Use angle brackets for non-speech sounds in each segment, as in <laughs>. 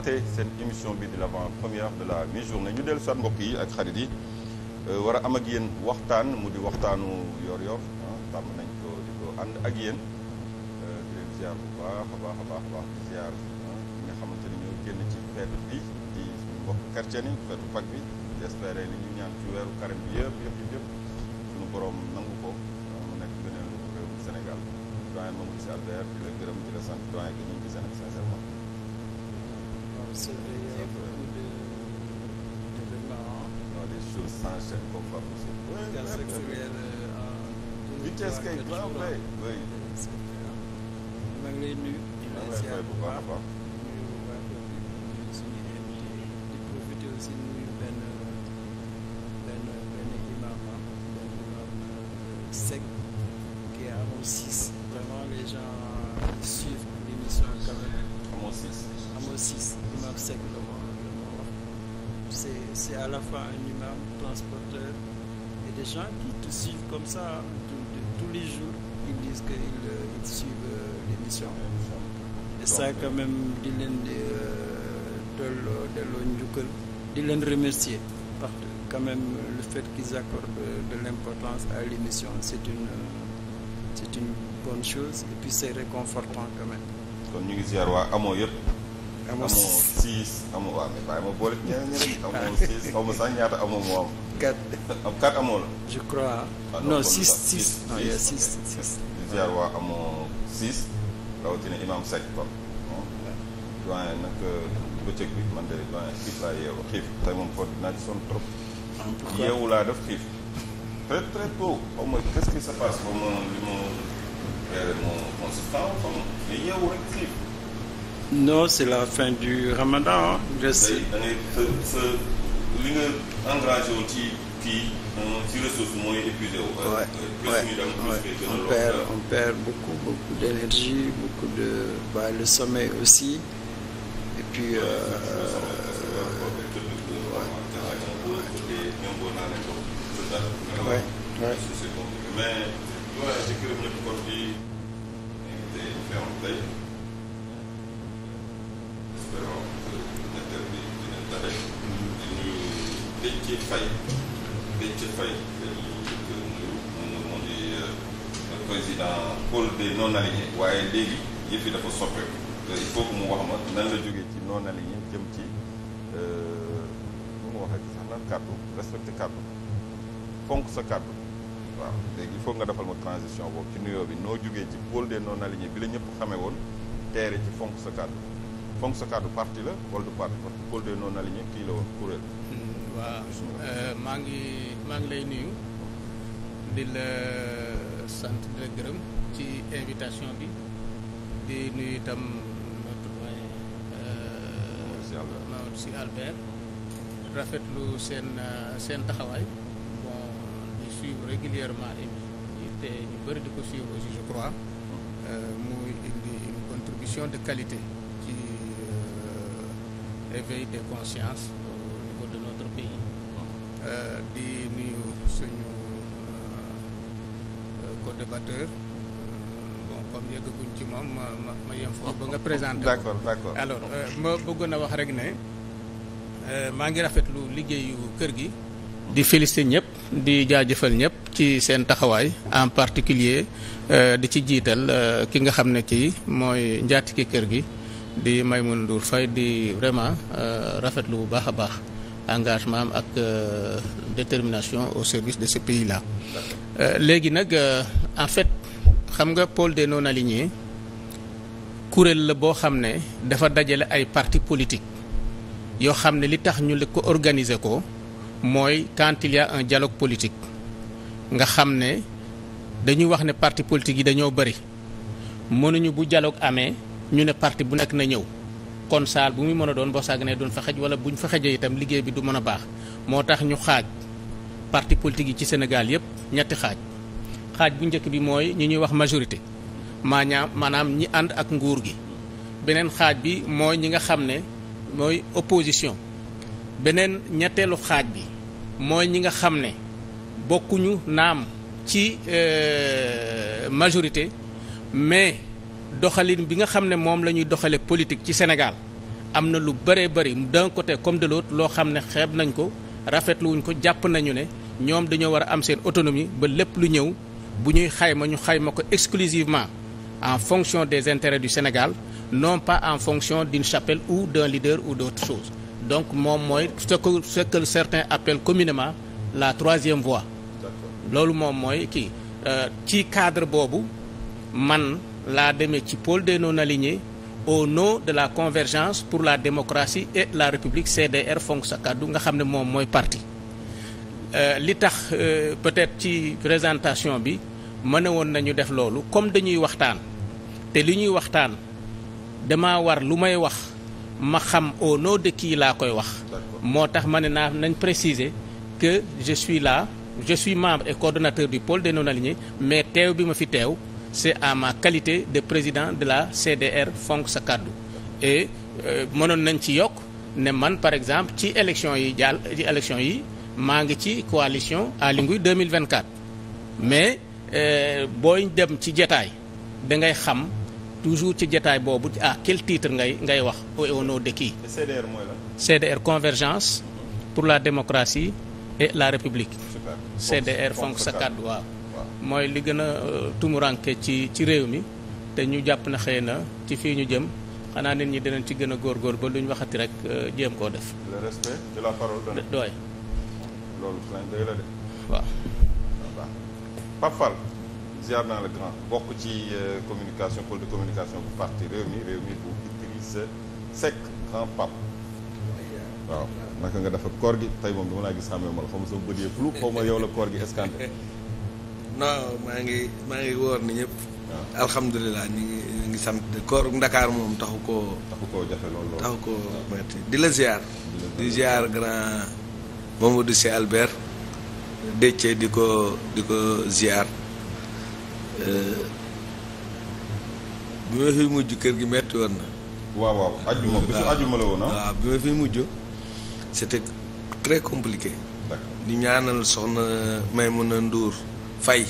raté seen émission bi di l'avant-première de la mi-journée ñu dellu soit mbokk yi ak xarit yi euh, war a am ak yéen waxtaan mu di waxtaanu yor-yor ah, tàmm nañ ko di ko ànd ak yéen euh, di leen bu baax a baax a baax a baax di ziar ah, nga xamante ni ñoo génn ci feetu bi di suñu mbokk chrétien yi feetu Pâques bi di espérer li ñu ñaan ci weeru carême bi yëpp yëpp yëpp suñu borom nangu ko ah, mu nekk beneen réewum Sénégal doyen Mamadou Sy Albert di la gërëm di la sant doyen gi ñu ngi sincèrement c'est vrai, il y a beaucoup d'événements. De, de les choses s'enchaînent comme pas possible. Oui, sexuelle en. vitesse kay grave oui. oui. maa ngi lay nuyu. maa ngi lay fay bu baax a baax di profiter aussi Seck le wax c'est à la fois un imam transporteur et des gens qui te suivent comme ça de, de, tous les jours ils disent que ils, euh, suivent euh, l'émission et ça quand même di leen di euh, delloo delloo njukkal di leen remercier parce que quand même le fait qu'ils accordent de l'importance à l'émission c'est une bonne chose et puis c'est réconfortant quand même kon ñu ngi ziar waa amoo yëpp six amoo waaw mais bàyyi ma boole ñeneen ñeneen <laughs> amoo six xaw ma sax ñaata amoo moo am. quatre am quatre amoo la. je crois ah, non six six non six six six. di ziar waa amoo kon. doyen nag euh, bëccëg bi man de doyen xiif laa yeewu xiif tey moom foofu dinaa ci trop. Ah, yeewu laa def xiif. très très tôt xaw ma qu'est-ce qui se li ma. moo consistant xaw xiif. non c'est la fin du ramadan. je sais da ngay sa li nga engagé woon ci kii ci ressource mooy épuisé wu. Euh, on perd on perd beaucoup beaucoup d'énergie beaucoup de bah, le sommeil aussi et puis. Euh, euh Ouais, ouais. Mais voilà, j'ai cru que le compte est fermé. Faye Déthié Faye dañuy nuyu moom moo di président pôle des non waaye léegi yëf yi dafa soppeeku il faut que mu wax ma nan la jógee ci non aligné jëm ci nu mu waxee sax naan kàddu respecté kàddu fonk sa kàddu waaw léegi il faut nga defal ma transition boobu ci nuyoo bi noo jógee ci pôle des non alignés bi la ñëpp xamee woon teere ci fonk sa kàddu fonk sa kàddu parti la wala du parti parce que pôle des non alignés kii la woon kuréel waaw euh, maa ngi maa ngi lay nuyu di la sant di la gërëm ci invitation bi di nuyu itam notre doyen euh, Mamadou Albert rafetlu seen euh, seen taxawaay bon di suivre régulièrement émi te ñu bëri di ko suivre aussi je crois muy indi une contribution de qualité ci éveil des consciences conservateur bon comme yeggaguñ ci moom ma ma yem foofu ba nga oh, présenté d'accord d'accord alors euh, ma bëggoon a wax rek ne euh, maa ngi rafetlu liggéeyu kër gi di féliciter ñëpp di jaajëfal ñëpp ci seen taxawaay en particulier euh, di ci jiital ki nga xam ne kii mooy njaatiki kër gi di may Maymouna Ndour Faye di vraiment rafetlu bu baax a baax engagement am ak détermination au service de ce pays-là Euh, léegi nag euh, en fait xam nga pôle de non alignés kuréel la boo xam ne dafa dajale ay parti politique yoo xam ne li tax ñu ko organiser ko mooy quand il y un dialogue politique nga xam ne dañuy wax ne parti politique yi dañoo bëri mënuñu bu dialogue amee ñu ne parti bu nekk na ñëw kon saal bu muy mën a doon boo sàgg ne duñ fa wala buñ fa xejee itam liggéey bi du mën a baax moo tax ñu xaaj parti politique yi ci Sénégal yëpp ñetti xaaj xaaj bu njëkk bi mooy ñi ñuy wax majorité maanaam maanaam ñi ànd ak nguur gi beneen xaaj bi mooy ñi nga xam ne mooy opposition beneen ñetteelu xaaj bi mooy ñi nga xam ne bokkuñu naam ci euh, majorité mais doxalin bi nga xam ne moom la ñuy doxale politique ci Sénégal am na lu bëree bëri d'un côté comme de l'autre loo xam ne xeeb nañ ko rafetluwuñ ko jàpp nañu ne ñoom dañoo war a am seen autonomie ba lépp lu ñëw bu ñuy xayma ñu xayma ko exclusivement en fonction des intérêts du Sénégal non pas en fonction d'une chapelle ou d'un leader ou d'autre chose donc moom mooy ce que ce que certains appellent communément la troisième voie loolu moom mooy kii euh, ci cadre boobu man laa demee ci pôle de non-alignés au nom de la convergence pour la démocratie et la république CDR fonk sa kàddu nga xam ne moom mooy parti Euh, li tax euh, peut-être ci présentation bi mën a woon nañu def loolu comme dañuy waxtaan te li ñuy waxtaan dama war lu may wax ma xam au nom de kii laa koy wax moo tax ma ne naa nañ préciser que je la là je suis membre et coordonnateur du pôle des non mais teew bi ma fi teew c'est à ma qualité de président de la CDR Fonk Sa Kàddu et euh, mënoon nañ ci yokk ne man par exemple ci élection yi jàll ci élection yi maa ngi ci coalition Aly Ngouille 2024 mais euh, booy dem ci jataay da ngay xam toujours ci jataay boobu ah quel titre ngay ngay wax au nom de qui. CDR mooy la. CDR convergence pour la démocratie et la république. CDR fonk sa kàddu waaw. mooy li gën a euh, tumuranke ci ci réew mi te ñu jàpp na xëy na ci fii ñu jëm xanaa nit ñi dinañ ci gën a góorgóor ba lu ñu waxati rek euh, jéem koo def. loolu plan doy ziar naa la grand bokk ci euh, communication pôle de communication bu parti réew mi réew mi bu Idrissa Seck grand Pape. waaw naka nga dafa koor gi tey moom dama laa gis xamee ma la xaw ma sama bët yee flou xaw ma yow la koor gi escanté. <laughs> non maa ngi maa ngi woor ni ñëpp. waaw alhamdulilah ñu ngi ñu ngi sant koor Ndakaar moom taxu koo. taxu koo jafe lool lool taxu koo metti di la ziar. di ziar grand. Mamadou Sy Albert Déthié di ko di ko ziar bi ma fiy mujj kër gi metti woon na. waaw waaw ah? bi ma fiy mujj c'était très compliqué. di ñaanal soxna Maymuna Ndour Faye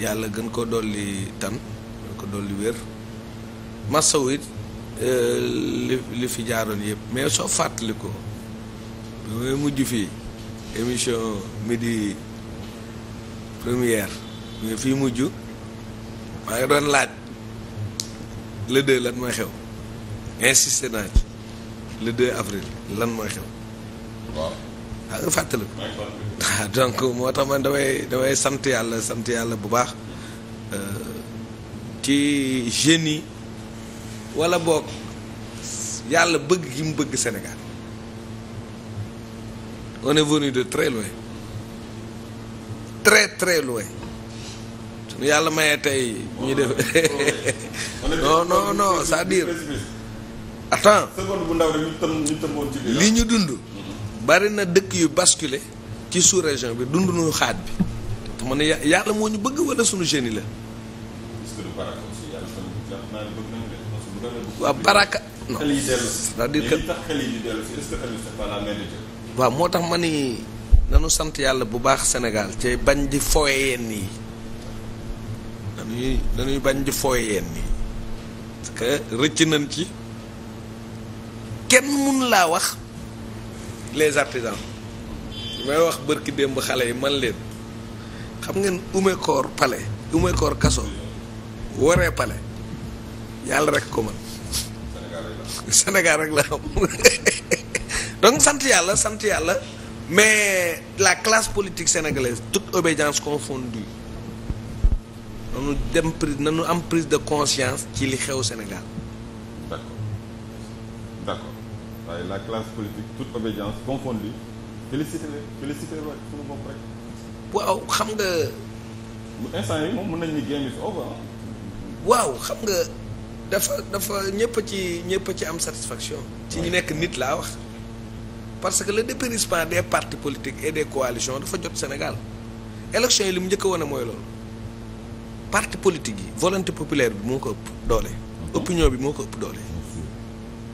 yàlla gën ko dolli tan gën ko dolli wér masawu euh, li fi jaaroon yëpp mais soo fàttali ko bi may mujj fii émission midi première mais fii mujj maa ngi doon laaj la 2 lan mooy xew insisté naa ci le 2 avril lan mooy xew. waaw. ah nga fàttali. donc moo tax man damay damay sant yàlla sant yàlla bu baax euh, ci jeunes yi wala boog yàlla bëgg gi mu bëgg Sénégal. on est venu de très loin yàlla mayee tey ñu def <laughs> non non non c'est-à-dire li ñu dund bari na dëkk yu baskule ci sous-région bi dundu nañu xaaj bi te man yàlla moo ñu bëgg wala suñu génie la waaw baraka non c'est-à-dire que waaw moo tax ma ni nanu sant yàlla bu baax Sénégal ci bañ di fowe yenn yi dañuy dañuy bañ di fowe yenn yi parce que rëcc nañ ci kenn mun laa wax les artisans may wax bërki démb xale yi man leen xam ngeen umekoor pale umekoor kaso waree pale yàlla rek ko man Sénégal rek la xam <laughs> donc sant yàlla sant yàlla mais la classe politique sénégalaise toute obédience confondue nanu dem prise nanu am prise de conscience ci li xew Sénégal. d'accord d'accord waaye la classe politique toute obédience confondue félicitez-les félicitez-les rek suñu bopp rek. waaw xam nga. instant yi moom mun nañu ni game is over waaw xam nga dafa dafa ñëpp ci ñëpp ci am satisfaction. ci ñu nekk nit laa wax. parce que le dépérissement des parti politiques et des coalitions dafa jot Sénégal élection yi li mu njëkk a wane mooy loolu parti politique yi volonté populaire bi moo ko ëpp doole. Mhm. opinion bi moo ko ëpp doole.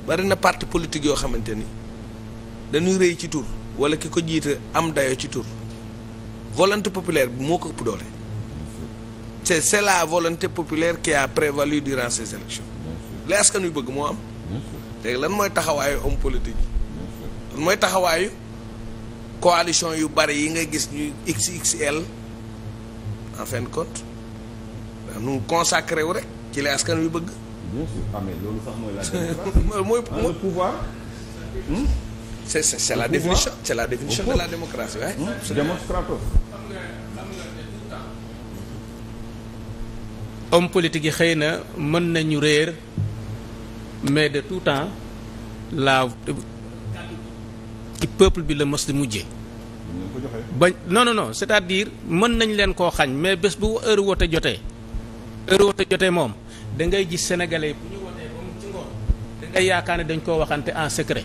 bari na parti politique yoo xamante ni dañuy rëy ci tur wala ki ko jiite am dayo ci tur volonté populaire bi moo ko ëpp doole. c'est c'est la volonté populaire qui a prévalu durant ces élections. li askan wi bëgg moo am. léegi lan mooy taxawaayu homme politique mooy taxawaayu coalition yu bari yi nga gis ñu XXL en fin de compte nu consacré wu rek ci la askan wi bëgg. bien sûr ah mais loolu sax mooy la. <laughs> mooy mooy ah, pouvoir. Hmm? c'est c'est la définition c'est la définition de la démocratie waaye. Hmm? homme yi xëy na mën nañu réer mais de tout temps ci peuple bi la mës di mujjee bañ non non non c'est-à-dire mën nañ leen koo xañ mais bés bu heure wote jotee heure wote jotee moom da ngay gis sénégalais bu ñu wotee ba ci ngoon da yaakaar ne dañ koo waxante en secret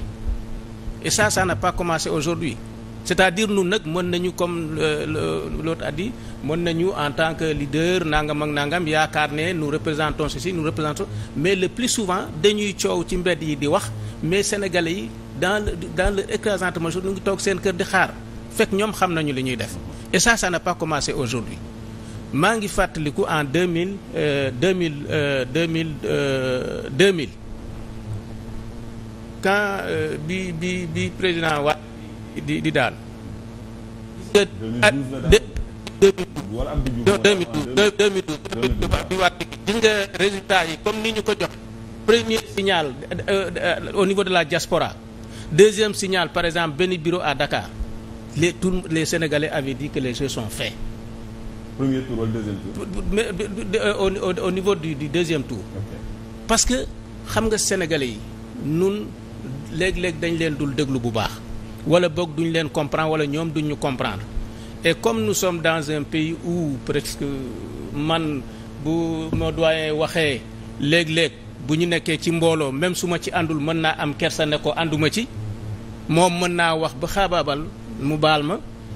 et ça ça n'a pas commencé aujourd'hui cest à diir ñun nag mën nañu comme l'autre a dit mën nañu en tant que leader nangam ak nangam yaakaar ne nous représentons ceci nous représentons mais le plus souvent dañuy coow ci mbedd yi di wax mais sénégalais yi dans le dans le écrasante majorité ñu ngi toog seen kër di xaar fekk ñoom xam nañu li ñuy def et ça ça n'a pas commencé aujourd'hui maa ngi fàttaliku en deux mille euh, deux mille euh, deux mille euh, deux mille quand bi bi bi président waa di di daal. deux mille douze deux mille douze bi waat gis nga résultat yi comme ni ñu ko jox premier signal au niveau de la diaspora deuxième signal par exemple benn bureau à Dakar les tous les Sénégalais avaient di que les jeux sont faits. premier tour wala deuxième tour. mais euh, niveau du, du deuxième tour. parce que xam nga sénégalais yi nun léeg-léeg dañ leen dul déglu bu baax wala boog duñu leen comprendre wala ñoom duñ ñu comprendre et comme nous sommes dans un pays où presque man bu moo doyen waxee léeg-léeg. bu ñu nekkee ci mbooloo même suma ci àndul mën naa am kersa ne ko ànduma ci moom mën naa wax ba xaabaabal mu baal ma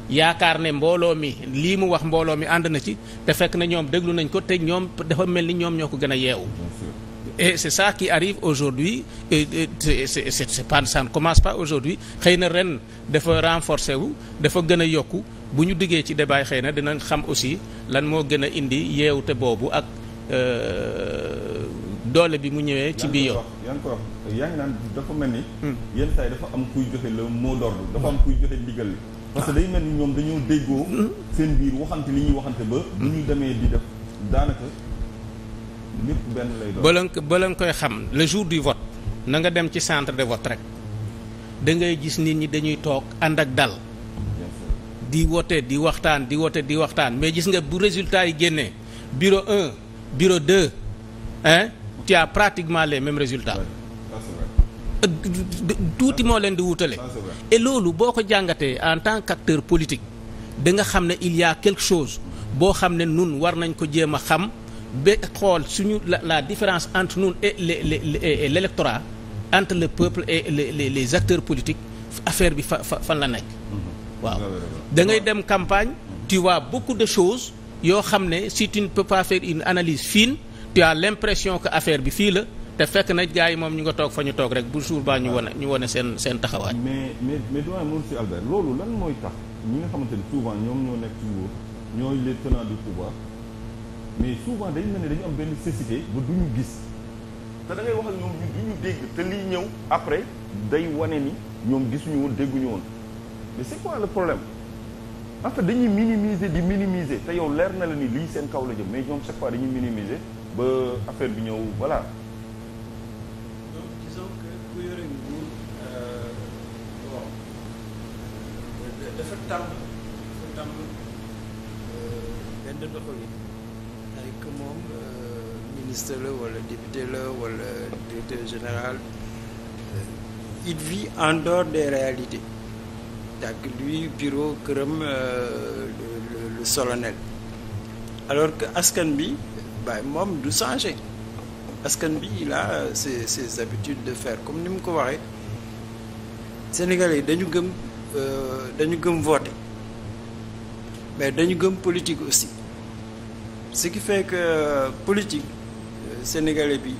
yaakaar ne mbooloo mi lii mu wax mbooloo mi ànd na ci te fekk na ñoom déglu nañ ko te ñoom dafa mel ni ñoom ñoo ko gën a yeewu et c'est ça qui arrive aujourd'hui et c'est c'est commence par aujourd'hui xëy na ren dafa renforcer wu dafa gën a yokku bu ñu diggee ci débat xëy na dinañ xam aussi lan moo gën a indi yeewute boobu ak euh, doole bi mu ñëwee ci biir yow yaa ngi ko wax yaa naan dafa mel ni hmm. yenn saa yi dafa am kuy joxe le moo d'ordre dafa am kuy joxe ndigal li parce que day mel ni ñoom dañoo déggoo seen biir waxante li ñuy waxante ba lu ñuy demee di def daanaka lépp benn lay doon bala nga koy xam le jour du vote nanga dem ci centre de vote rek da ngay gis nit ñi dañuy toog ànd ak dal di wote di waxtaan di wote di waxtaan mais gis nga bu résultat yi génnee bureau un bureau deux tu as les mêmes résultats. tuuti moo leen di wutale. e loolu boo ko jàngatee en tant qu'acteur politique da nga xam ne il y quelque chose boo xam ne nun war nañ ko jéem a xam ba xool suñu la la différence entre nun et les les l'électorat entre le peuple et les les acteurs politiques affaire bi fa fa fan la nekk. waaw da dem campagne. tu vois beaucoup de choses yoo xam ne si tu ne faire une analyse fine. tu as l'impression que affaire bi fii la te fekk na gars yi moom ñu nga toog fa ñu toog rek bu jour baa ñu wane ñu wane seen seen taxawaay. mais mais mais doyen Moussa Albert loolu lan mooy tax ñi nga xamante ni souvent ñoom ñoo nekk ci nguur ñooy les tenants du pouvoir mais souvent dañu mel ne dañu am benn cécité ba duñu gis te da ngay wax ak ñoom ñu duñu dégg te lii ñëw après day wane ni ñoom gisuñu woon dégguñu woon mais c'est quoi le problème en fait dañuy minimiser di minimiser te yow leer na la ni lii seen kaw la jëm mais ñoom chaque fois dañuy minimiser. ba affaire bi ñëw voilà. Euh, euh, dafa tàmm dafa tàmm euh, benn doxalin ay que moom ministre la wala député la wala directeur général il vit en dehors de réalité tàgg lui bureau këram le solennel alors que askan bi bàyyi moom du changé askan bi il a ses ses habitudes de faire comme ni mu ko waxee Sénégalais dañu gëm euh, dañu gëm voter mais dañu gëm politique aussi ce qui fait que euh, politique euh, sénégalais bi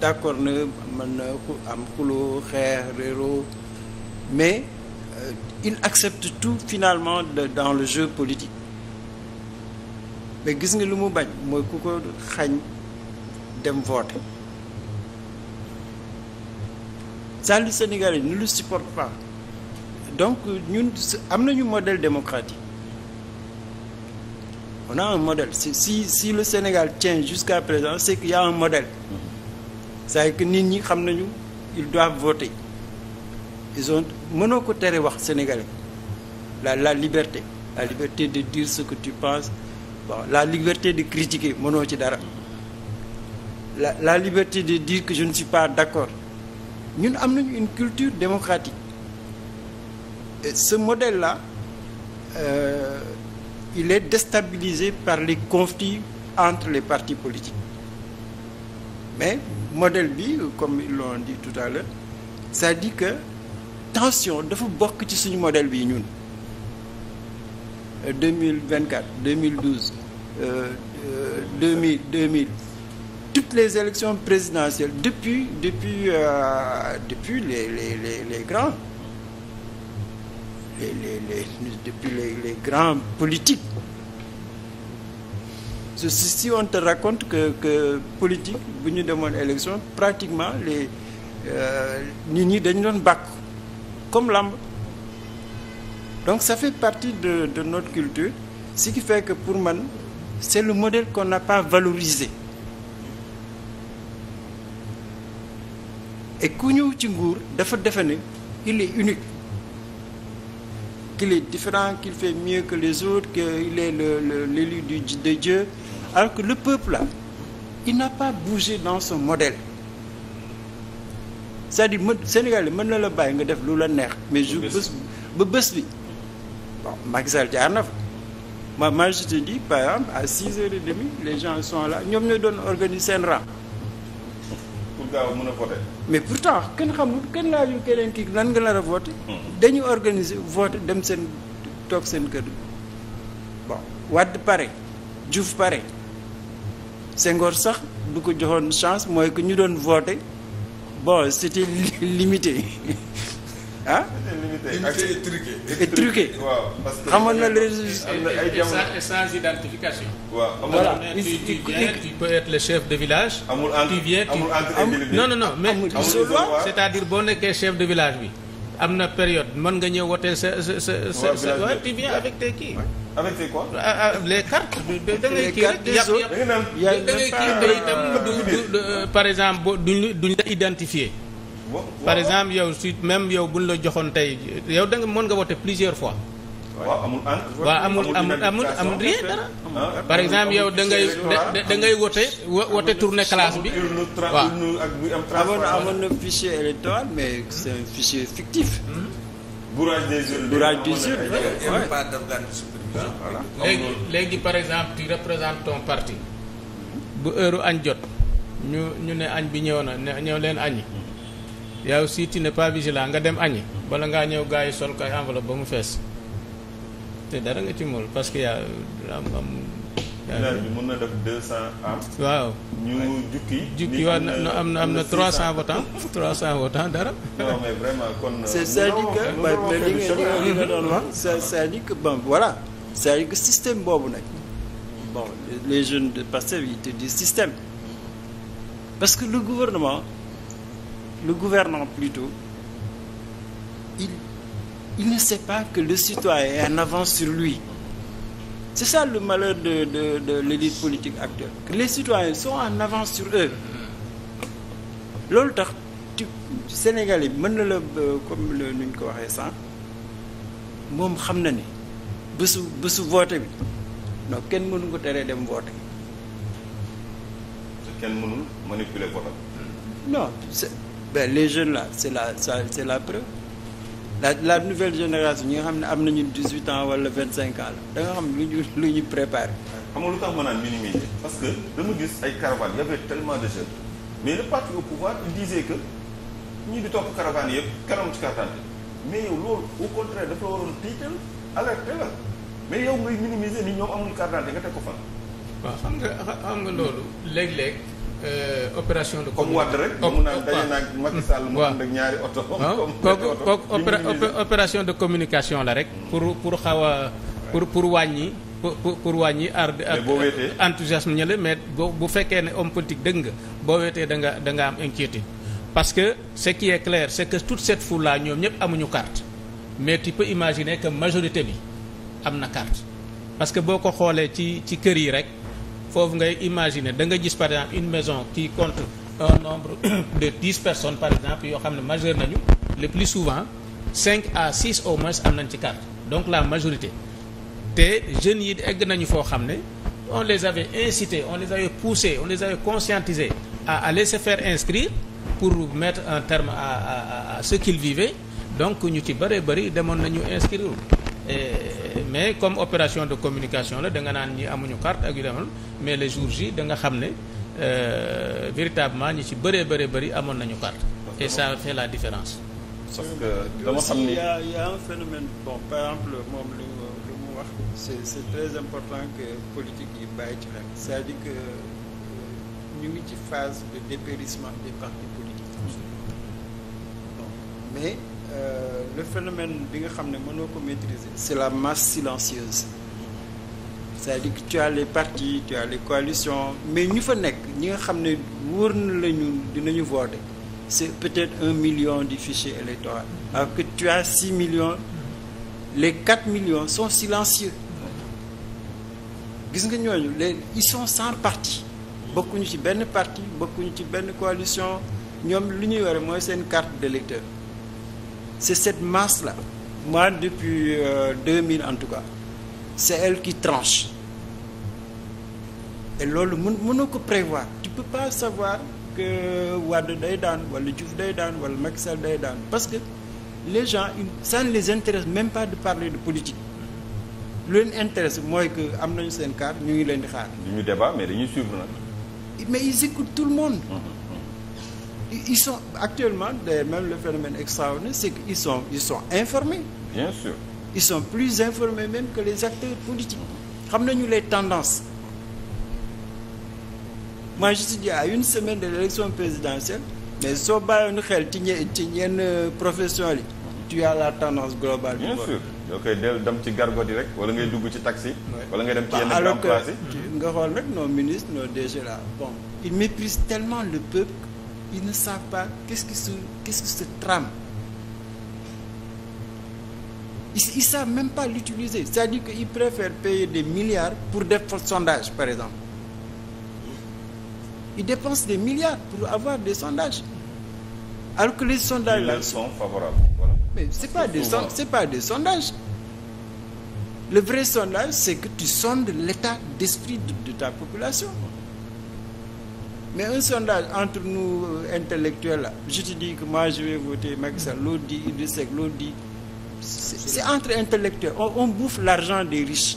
d'accord na mën na am xuloo xeex réeroo mais il accepte tout finalement dans le jeu politique mais gis nga lu mu bañ mooy ku ko xañ dem voter ça le Sénégalais ne le supporte pas donc ñun am nañu modèle démocratique on a un modèle si si le Sénégal tient jusqu'à présent c'est qu'il y a un modèle cest à nit ñi xam nañu ils doivent voter ils ont mënoo ko tere wax sénégalais la la liberté la liberté de dire ce que tu penses bon la liberté de critiquer mënoo ci dara la la liberté de dire que je ne suis pas d'accord ñun am nañu une culture démocratique Et ce modèle la euh, il est déstabilisé par les conflits entre les partis politiques mais modèle bi comme ils l'ont dit tout à l'heure ça di que tension dafa bokk ci suñu modèle bi ñun 2024 2012 euh, 2000 euh, 2000 toutes les élections présidentielles depuis depuis euh, depuis les les les les grands les les les depuis les les grands politiques ceci si on te raconte que que politique bu ñu demoon élection pratiquement les euh, nit ñi dañu doon bàkku comme lamb donc ça fait partie de de notre culture si ki fekk pour man c'est le modèle kon n'a pas valorisé et ku ñëw ci nguur dafa defe ne il est unique qu'il est différent qu'il fait mieux que les autres qu'il est le le l'élu du de Dieu alors que le peuple la il n'a pas bougé dans son modèle c'est-à-dire Sénégal mën na la bàyyi nga def lu la neex mais je ba bés bi bon Macky Sall jaar na fa ma ma je te dis par à six heures et demie les gens sont ñoom ñoo doon organiser seen rang. pour gaaw mën a voter. mais pourtant kenn xamul kenn laajul keneen kii nan nga nar a hmm. dañu organiser voter dem seen toog seen kër bon Wade pare Diouf pare Senghor sax du ko joxoon chance mooy que ñu doon voter bon c'était <laughs> limité. ah. unité et truqué. waaw parce que xamoon na les. am na ay jamono et sans identification. waaw le chef de village. amul entre tu viens tu amul non non non mais. c'est-à-dire boo nekkee chef de village bi. am na période mën nga ñëw woteel sa sa sa sa sa tu viens avec tes kii. avec tes quoi. Ah, ah, les cartes. ya ngay kii rek yàpp euh, par exemple duñ duñ la identifier. par exemple yow si même yow buñ la joxoon tey yow da nga mën nga voter plusieurs fois. waaw amul waaw amul amul amul amul par exemple yow da ngay da ngay wote wote tourner classe bi. waaw amoon na amoon na mais c'est un léegi léegi par exemple tu représentes ton parti. bu heure añ jot ñu ñu ne añ bi ñëw na ñëw leen añi. yaa aussi ne n'es pas nga dem añi bala ngaa ñëw gars yi sol ko ay ba mu fees te dara nga ci mool parce que yaa am am. mën na def deux cent am. waaw ñu jukki. jukki waaw na am na am na trois cent votants <laughs> trois cent votants dara. non mais vraiment kon. c'est-à-dire que bon voilà c'est-à-dire système boobu nag bon les jeunes de Pastef yi te di système parce que le le gouvernant plutôt, il, il ne sait pas que le citoyen est en avance sur lui. C'est ça le malheur de, de, de l'élite politique actuelle. Que les citoyens en avance sur eux. loolu tax ci Sénégal yi mën na la euh, comme nuñ ko waxee sànq moom xam na ni bésu bésu vote bi non kenn mënu ko teree dem vote. kenn mënul manipuler vote. non ben les jeunes là c'est la c'est la preuve la la nouvelle génération ñi nga xam ne am nañu dix huit ans wala vingt cinq ans la da nga xam lu ñu lu ñu préparé. xam nga lu tax ma naan minimiser parce que dama gis ay caravane y avait tellement de jeunes mais le parti au pouvoir il disait que ñii di topp caravane yëpp kanam ci carte mais yow loolu au contraire dafa la waroon tiital alerte la mais yow ngay minimiser ni ñoom amul carte d'identité nga teg ko fan. waaw xam nga xam nga Euh, opération de. comme Wade rek. mu naan daje naag Macky ah, opération de communication la rek. pour pour xaw pour pour wàññi. pour pour wàññi aar ak enthousiasme ñële mais boo bu fekkee ne homme politique dëgg nga boo weetee da nga da nga am inquiétude. parce que ce qui est clair c'est que toute cette foule ñoom ñëpp amuñu carte mais tu peux imaginer que majorité bi am na carte parce que boo ko xoolee ci ci kër yi rek. foofu ngay imaginer da nga gis par exemple une maison qui compte un nombre <clears throat> de dix personnes par exemple yoo xam ne majeur nañu le plus souvent cinq à six au moins am nañ ci carte donc la majorité te jeunes yi egg nañu foo xam ne on les avait incité on les avait poussés on les avait conscientisés à les se faire pour mettre un terme à à à ce qu'ils vivaient donc ñu ci bëree bëri demoon nañu inscrire Eh, mais comme opération de communication la da nga naan ñi amuñu carte ak yu demal mais les jours yi da nga xam ne euh, véritablement ñi ci bëree bëree bëri amoon nañu carte et ça fait la différence sauf que dama xam ni y a y phénomène bon par exemple moom lu lu mu wax c'est très important que politique yi bàyyi ci xel c'est-à-dire que euh, ñu ngi ci phase de dépérissement des partis politiques mais Euh, le phénomène bi nga xam ne mënoo ko maîtriser. c'est la masse silencieuse c'est-à-dire que tu as les partis tu as mais ñu fa nekk ñi nga xam ne wóor na la ñu dinañu voter c'est peut-être un million di fichier électoral alors que tu as six millions les quatre million sont silencieux gis nga ñooñu le ils sont sans bokkuñu ci benn partie bokkuñu ci benn coalition ñoom lu ñuy ware mooy seen carte d'électeur c'est cette masse-là. Moi, depuis euh, deux mille en tout cas, c'est elle qui tranche. et loolu mun mënoo ko prévoir tu peux pas savoir que Wade day daan wala Diouf day daan wala Macky Sall day daan parce que les gens ça san les intéresse même pas de parler de politique lu leen intéresse mooy que am nañu seen carte ñu ngi leen di xaar. du ñu débat mais dañuy suivre nag. mais ils écoutent tout le monde. Mm ils sont actuellement même le phénomène extraordinaire c'est qu'ils sont ils sont informés bien sûr ils sont plus informés même que les acteurs politiques xam nañu les tendances moi je suis dit à une semaine de l'élection présidentielle mais soo bàyyoon xel ci ñe ci ñenn profession yi tu as la tendance globale bien sûr yoo dem ci gargot yi rek wala ngay dugg ci taxi wala ngay dem ci yenn grand nga xool rek nos ministres nos DG bon ils méprisent ils ne savent pas qu'est-ce qui ce trame ils, ils savent même pas l'utiliser c'est-à-dire qu'ils préfèrent payer des milliards pour des sondages par exemple ils dépensent des milliards pour avoir des sondages alors que les sondages là sont mais c'est pas des so c'est pas des sondages le vrai sondage c'est que tu sondes l'état d'esprit de ta population mais un sondage entre nous euh, intellectuels la je te dis que moi je vais voter Macky Sall l'autre dit Idrissa c'est entre intellectuels on, on bouffe l'argent des riches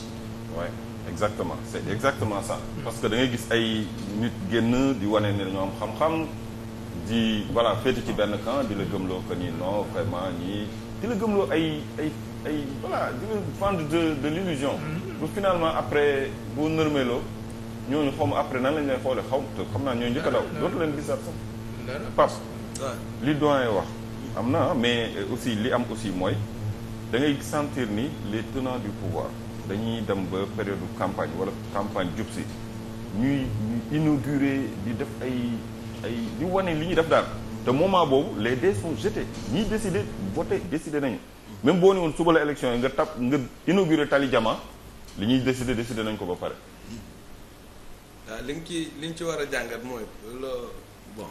ouais exactement c'est exactement ça parce que dangay gis ay nit génn di wane ne ñoom xam-xam di voilà féete ci benn camp di la gëmloo que ni non vraiment ñii di la gëmloo ay ay ay voilà di la vendre de l'illusion mm-hmm. bu finalement après bu nërmeloo ñooñu xaw ma après nan lañ lay xoolee xaw te xam naa ñoo njëkk a daw dootu leen gisaat sax parce que li doyen wax am na mais aussi li am aussi mooy da ngay sentir ni les tenants du pouvoir dañuy dem ba période campagne wala campagne jub si ñuy inaugurer di def ay ay di wane li ñuy def daal te moment boobu les dés sont jetés ñiy décider voté décider nañu même boo ne woon suba la élection yi nga tab nga inaugurer tali jama li ñuy décider décider nañ ko ba pare Euh, li nga ci li nga ci war a jàngat mooy loo bon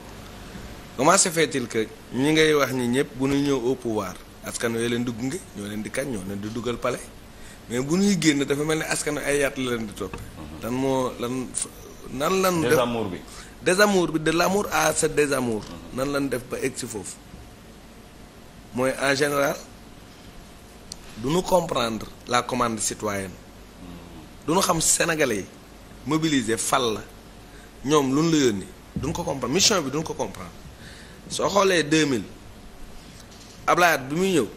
comment se fait-il que ñi ngay wax ñi ñëpp bu ñu ñëw au pouvoir askan wi leen di gunge ñoo leen di kañ ñoo leen di dugal palais mais bu ñuy génn dafa mel ni askan ay yaat la leen di topp mhm. lan moo lan nan lan def désamour bi bi de l'amour à ce désamour mhm. nan lan def ba egg si foofu mooy en général du ñu comprendre la commande citoyenne mhm. du ñu xam sénégalais yi mobiliser fal la ñoom lu ñu la yónni duñ ko comprendre mission bi duñ ko comprendre soo xoolee 2000 Ablaye bi muy ñëw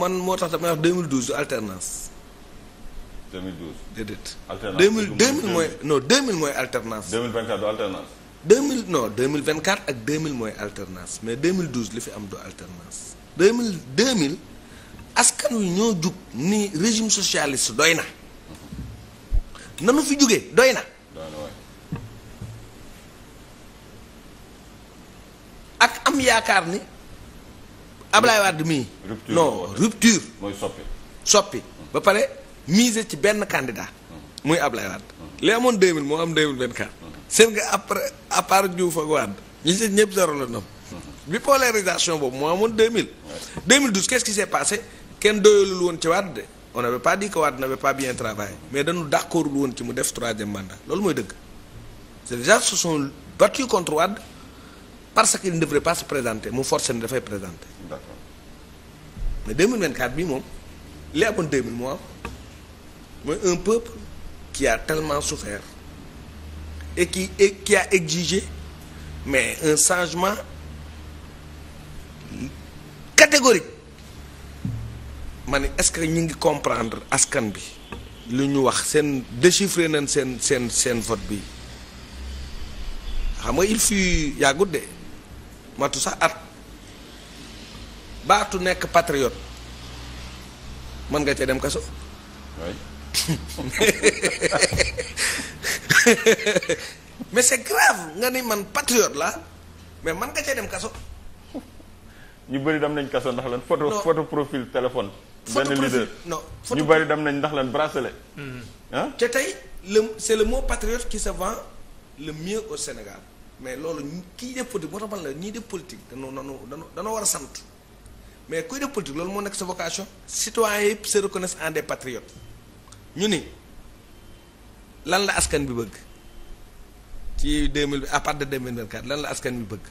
man moo tax damay wax 2012 du alternance. 2012 déedéet. alternance 2000 2000 mooy non 2000 mooy alternance. 2024 du alternance. 2000 non 2024 ak 2000 mooy alternance mais 2012 li fi am du alternance. 2000 2000 askan wi ñoo jug ni régime socialiste doy na. na nanu fi jógee doy na ak am yaakaar ni Ablaye Wade mii non rupture mooy soppi soppi ba pare mise ci benn candidat muy Ablaye Wade li amoon 2000 moo am 2024 seen nga après à part Diouf ak Wade ñi ci ñëpp zéro la ñoom bi polarisation boobu moo amoon 2000 2012 qu'est-ce qui s'est passé kenn doyalul woon ci Wade de on n'avait pas dit que Wade n'avait pas bien travaillé mais dañu d'accord woon ci mu def troisième mandat loolu mooy dëgg ces gens se sont battus contre Wade parce qu'il ne devrait pas se présenter mu forcé ne dafay présenter. d'accord mais 2024 bi moom li amoon 2000 moo am mooy un peuple qui a tellement souffert et qui et ki a exigé mais un changement catégorique. ma ne est-ce que ñu ngi comprendre askan bi lu ñu wax seen déchiffrer nañ seen seen seen vote bi xam nga il fut yàggut de matu sax at baatu nekk patriote mën nga cee dem kaso. <laughs> mais se grave nga ni man patriote la mais mën nga cee dem kaso. <laughs> ñu bëri dem nañ kaso ndax lan photo photo profil téléphone. benn leader non ñu bari dem nañ ndax lan bracelet hmm. ah te tey le c'est le mot patriote qui se vend le mieux au Sénégal mais loolu kii def politique moo tax man la ñiy def politique danoo danoo danoo danoo war a sant mais kuy def politique loolu moo nekk sa vocation citoyens yëpp se reconnaissent en des patriotes ñu ni lan la askan bi bëgg ci deux mille à partir de deux mille lan la askan bi bëgg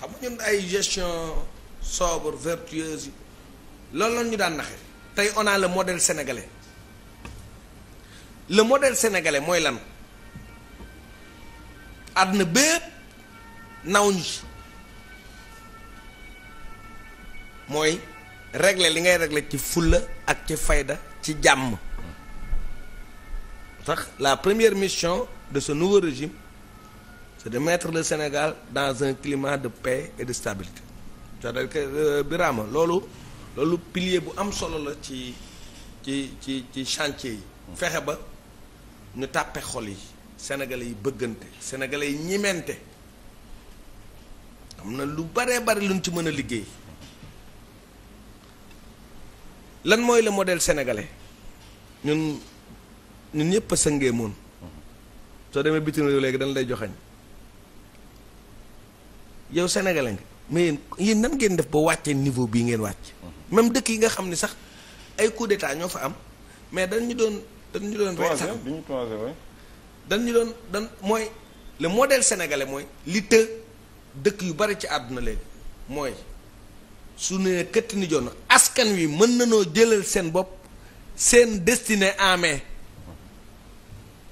xam nga ñun ay gestion sobre vertueuse yi loolu la ñu daan naxe tey on a le modèle sénégalais le modèle sénégalais mooy lan àdduna bépp naw ñu mooy régler li ngay régler ci fulla ak ci fayda ci jàmm tax la première mission de ce nouveau régime c'est de mettre le Sénégal dans un climat de paix et de stabilité c'est-à-dire euh, loolu loolu pilier bu am solo la ci ci ci ci chantier yi fexe ba ñu tàppe xol yi sénégalais yi bëggante sénégalais yi ñimente am na lu baree bari luñ ci mën a liggéey lan mooy le modèle sénégalais ñun ñun ñëpp a sëngee moon soo demee bitim réew léegi dañ lay joxañ yow sénégalais nga mais yéen nan ngeen def ba wàccee niveau bii ngeen wàcc. même dëkk yi nga xam ne sax ay coup ñoo fa am mais dañ doon dañ ñu doon. rey ñu dañ ñu doon dan mooy le modèle sénégalais mooy li të dëkk yu bari ci àdduna léegi mooy su ne këtt ni joon askan wi mën nañoo jëlal seen bopp seen destinée en main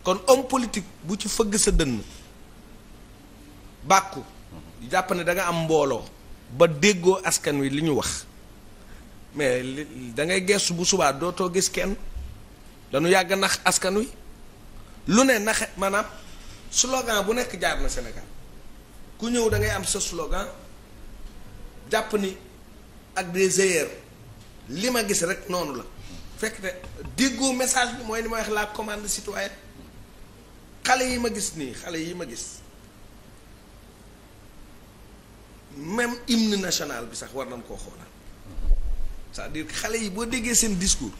kon homme politique bu ci fëgg sa dënn bàkku jàpp ne danga am mbooloo ba déggoo askan wi li ñu wax mais dangay ngay gestu bu subaa dootoo gis kenn dañu yàgg nax askan wi lu ne nax maanaam slogan bu nekk jaar na senegal ku ñëw da ngay am sa slogan jàpp ni ak des erreurs li ma gis rek noonu la fekk ne déggoo message bi mooy ni ma wax la commande citoyenne xale yi ma gis nii xale yi ma gis même hymne national bi sax war nañ koo xoolal c'est-à-dire xale yi boo déggee seen discours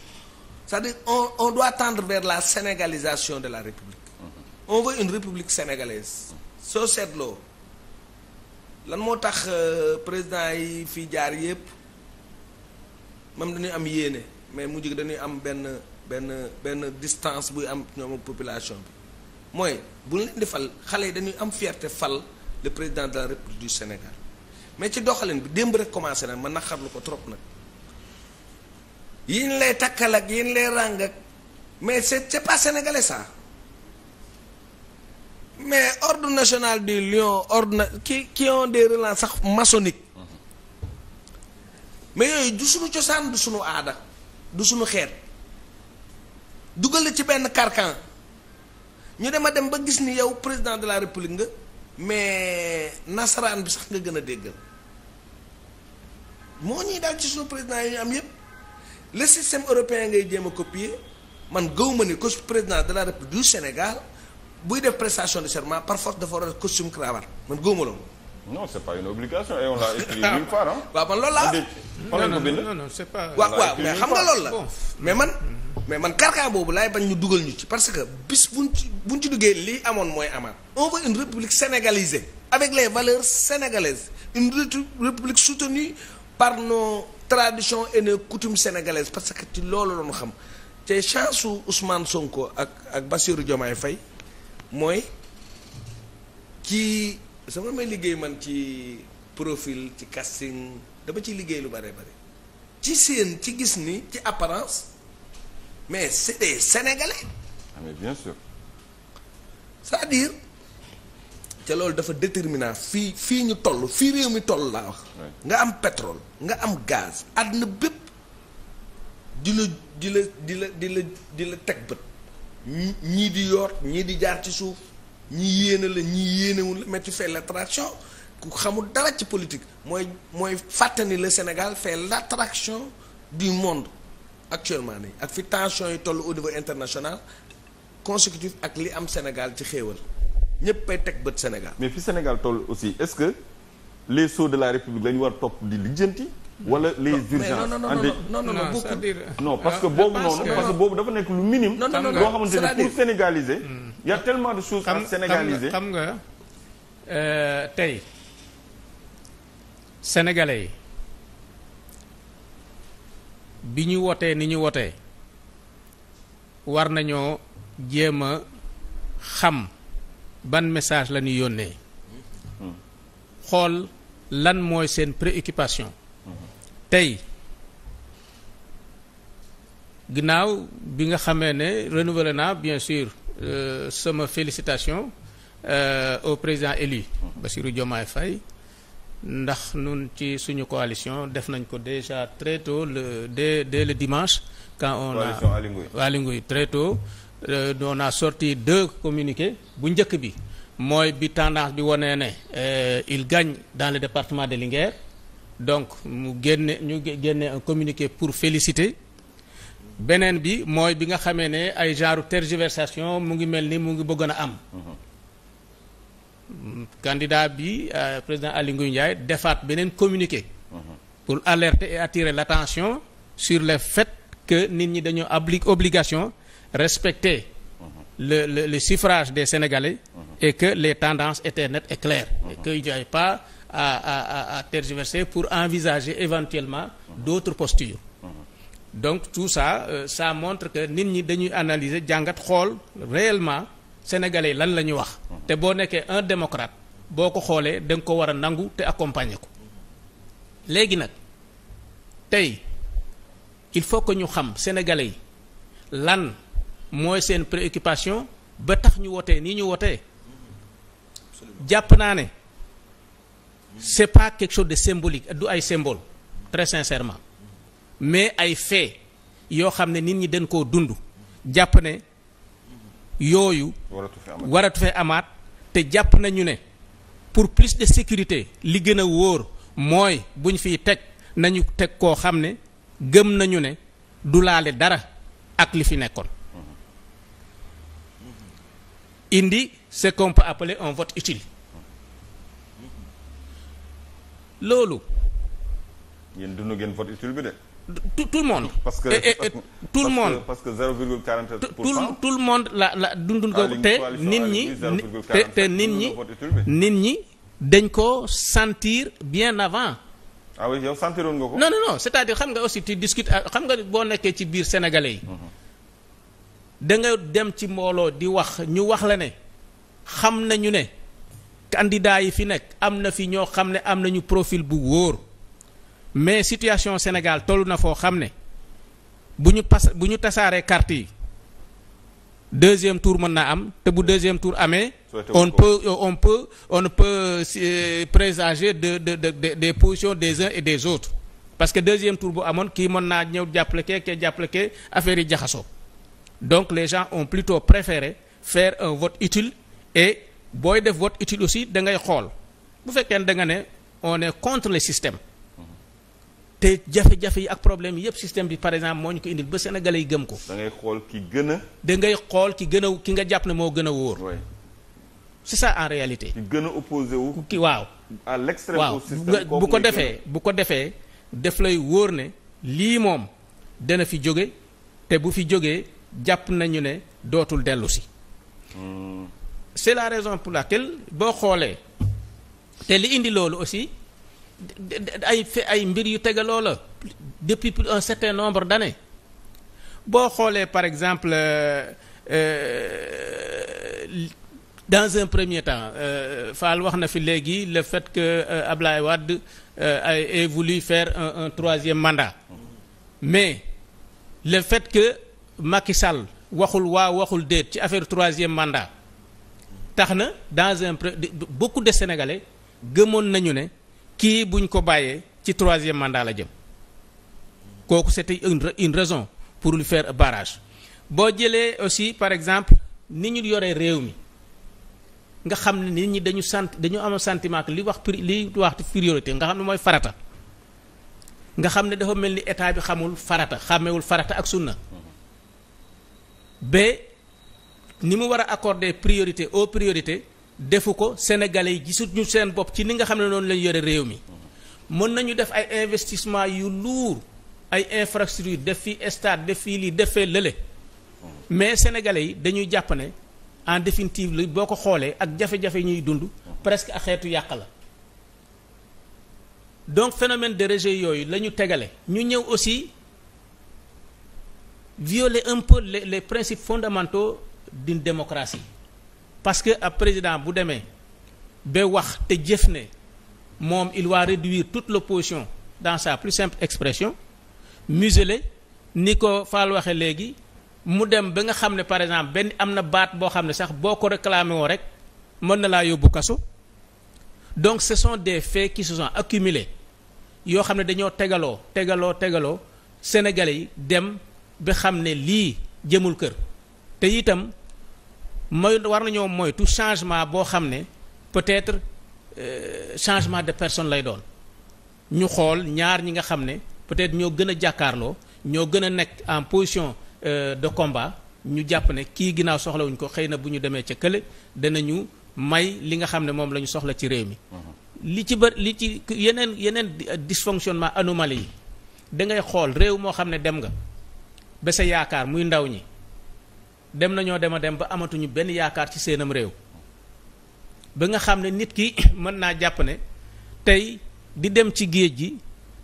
c'est-à-dire on on doit tendre vers la sénégalisation de la république mm-hmm. on veut une république sénégalaise soo seetloo lan moo tax euh, président yi fii jaar yépp même dañuy am yéene mais mujj dañuy am benn benn benn distance buy am ñoom ak population bi mooy bu ñu leen di fal xale yi dañuy am fierté fal le président de la république du Sénégal mais ci doxalin bi démb rek commencé na ma naqarlu ko trop nag yiñ lay takkal ak yiñ lay ràng ak mais c'est c'est pas sénégalais ça mais ordre national du lion ordre na qui qui ont des relents sax maçonnique mais yooyu du suñu cosaan du suñu aada du suñu xeet dugal ci benn carcan ñu dem a dem ba gis ni yow président de la république nga mais nasaraan bi sax nga gën a déggal moo ñuy daal ci suñu président yi am yépp le système européen ngay jéem a copier man gëw ma ni coach président de la république du Sénégal buy def prestation de serment par force dafa war a costume cravate man gëw ma loolu. non c'est pas une obligation et on l'a <laughs> man loolu la mais xam nga loolu la mais man. mais man carcan boobu laay bañ ñu dugal ñu ci parce que bis buñ ci buñ ci duggee lii amoon mooy amaat. on veut une république sénégalisée. avec les valeurs sénégalaises une république par nos tradition et nos coutumes parce que ci loolu la ñu xam te chance su Ousmane Sonko ak ak Bassirou Diomaye Faye mooy ci sama may liggéey man ci profil ci casting dama ci liggéey lu bare bare ci seen ci gis ni ci apparence mais c'est des Sénégalais. ah bien sûr. cest à te loolu dafa déterminant fii fii ñu toll fii réew mi toll laa wax. nga am pétrole nga am gaz àdduna bépp di la di la di la di la di la teg bët. ñii di yoot ñii di jaar ci suuf ñii yéene la ñii yéenewul la mais tu l'attraction ku xamul dara ci politique mooy mooy fàttani le Sénégal fait l'attraction du monde actuellement nii ak fi tension yi toll au niveau international consécutif ak li am Sénégal ci xéewal ñëppay teg bët Sénégal. mais fi Sénégal toll aussi est-ce que les sceaux de la République la ñu war topp di lijjanti. wala les urgences. non non non non non c'est-à-dire non parce que boobu noonu parce que boobu dafa nekk lu minime. loo xamante ne pour sénégaliser. y a mm. tellement de choses à sénégaliser xam nga euh, tey sénégalais yi bi ñu wotee ni ñu wotee war nañoo jéem a xam. ban message la ñuy yónnee xool lan mooy seen préoccupation tey ginnaaw bi nga xamee ne renouvelé naa bien sûr euh, sama félicitation euh, au président élu Bassirou Diomaye Faye ndax nun ci suñu coalition def nañ ko déjà traito tôt le dès dès le dimanche quand on a Aly Ngouille Euh, on a sorti deux communiqués bu njëkk bi mooy bi tendance bi wanee ne euh, il gagne dans le département de Linguère donc mu génne ñu génne un communiqué pour féliciter beneen bi mooy bi nga xamee ne ay genre tergiversation mu ngi mel ni mu ngi bëggoon a am mm-hmm. candidat bi euh, président Aly Ngouille Ndiaye defaat beneen communiqué mm-hmm. pour alerte et attirer l'attention sur le fait que nit ñi dañoo obligation respecter le, le, le suffrage des Sénégalais mhm. et que les tendances étaient nettes et claires et mhm. qu'il pas à, à, à tergiverser pour envisager éventuellement mhm. d'autres postures donc tout ça euh, ça montre que nit ñi dañuy analyser jàngat xool réellement sénégalais lan la ñu wax te boo nekkee un démocrate boo ko xoolee da nga ko war a nangu te accompagner ko léegi nag tey il faut que ñu xam sénégalais yi lan mooy seen préoccupation ba tax ñu wootee nii ñu wotee jàpp naa ne c'est pas quelque chose de symbolique du ay symbole très sincèrement mais ay fait yoo xam ne nit ñi dañ koo dund jàpp ne yooyu waratu fee amaat te jàpp nañu ne pour plus de sécurité li gën a wóor mooy buñ fi teg nañu teg koo xam ne gëm nañu ne du laale dara ak li fi nekkoon indi ce qu'on peut appeler un vote utile loolu. yéen dund ngeen vote utile bi de. tout tout le monde. parce que et, tout le monde parce que parce que 0,47 pour cent tout le monde la la dundul ko te nit ñi te te nit ñi nit ñi dañ ko sentir bien avant. ah oui yow sentiroon nga ko. non non xam nga aussi ti tu discutes xam nga boo nekkee ci biir sénégalais yi. Mm-hmm. danga dem ci mbooloo di wax ñu wax la ne xam nañu ne candidat yi fi nekk am na fi ñoo xam ne am nañu profil bu wóor mais situation Sénégal toll na foo xam ne bu ñu pas bu ñu tasaaree carte yi deuxième tour mën naa am te bu deuxième tour amee on peut on peu on peut euh, présager de de de de positions des uns et des autres parce que deuxième tour bu amoon kii mën naa ñëw jàppale kee kee jàppale kee affaire yi jaxasoo donc les gens ont plutôt préféré faire un vote utile et booy def vote utile aussi da ngay xool bu fekkee ne da nga ne on est contre le système te jafe-jafe yi ak problème yëpp système bi par exemple moo ñu ko indi ba sénégalais yi gëm ko. da ngay xool ki gën a. da ngay xool ki gën a ki nga jàpp ne moo gën a wóor. c'est ça en réalité. ki gën a opposé wu. ki waaw. à l'extrême waaw bu ko defee bu ko defee def lay wóor ne lii moom dana fi jóge te bu fi jógee. jàpp nañu ne dootul dellu si c'est la raison pour laquelle boo xoolee te li indi loolu aussi ay ay mbir yu tegaloo la depuis plus un certain nombre d'années boo xoolee par exemple euh, euh, dans un premier temps euh, Fall wax na fi léegi le fait que euh, Ablaye Wade a voulu faire un, un troisième mandat mais le fait que Macky Sall waxul waa waxul déet ci affaire troisième mandat tax na dans un beaucoup de sénégalais gëmoon nañu ne kii buñ ko bàyyee ci troisième mandat la jëm kooku c'était une une raison pour lu fair barrage boo jëlee aussi par exemple ni ñu yoree réew mi nga xam ne nit ñi dañu sant dañu am santiment li wax li wax priorité nga xam ne mooy farata nga xam ne dafa mel ni état bi xamul farata xàmmewul farata ak sunna ba ni mu war a accorder priorité au priorité defu ko sénégalais yi gisuñu seen bopp ci ni nga xam ne noonu lañ yore réew mi mën nañu def ay investissement yu lourd ay infrastructure def fi stade def fii lii def fee lële mais sénégalais yi dañuy jàpp ne en définitive li boo ko xoolee ak jafe-jafe ñuy dund presque ak xeetu yàq la donc phénomène de rejet yooyu la ñu tegale ñu ñëw aussi violer un le les les principes fondamentaux d'une démocratie parce que ab président bu demee ba wax te jëf ne moom il va réduire toute l'opposition dans sa plus simple expression museler ni ko Fall waxee léegi mu dem ba nga xam ne par exemple benn am na baat boo xam ne sax boo ko réclamé woo rek mën na laa yóbbu kaso donc ce sont des faits qui se sont yoo xam ne dañoo tegaloo tegaloo tegaloo Sénégalais yi dem. bi xam ne lii jëmul kër te itam mooy war nañoo moytu changement boo xam ne peut-être euh, changement de personne lay doon ñu xool ñaar ñi nga xam ne peut-être ñoo gën a jàkkaarloo ñoo gën a nekk en position euh, de combat ñu jàpp ne kii ginnaaw soxla wuñ ko xëy na bu ñu demee ca kële ñu may li nga xam ne moom la ñu soxla ci réew mi. Mhm. li ci bër li ci yeneen yeneen dysfonctionnement anomalie yi da ngay xool réew moo xam ne dem nga. ba yaakaar muy ndaw ñi dem nañoo dem a dem ba amatuñu benn yaakaar ci seenam réew ba nga xam ne nit ki <coughs> mën naa jàpp ne tey di dem ci géej gi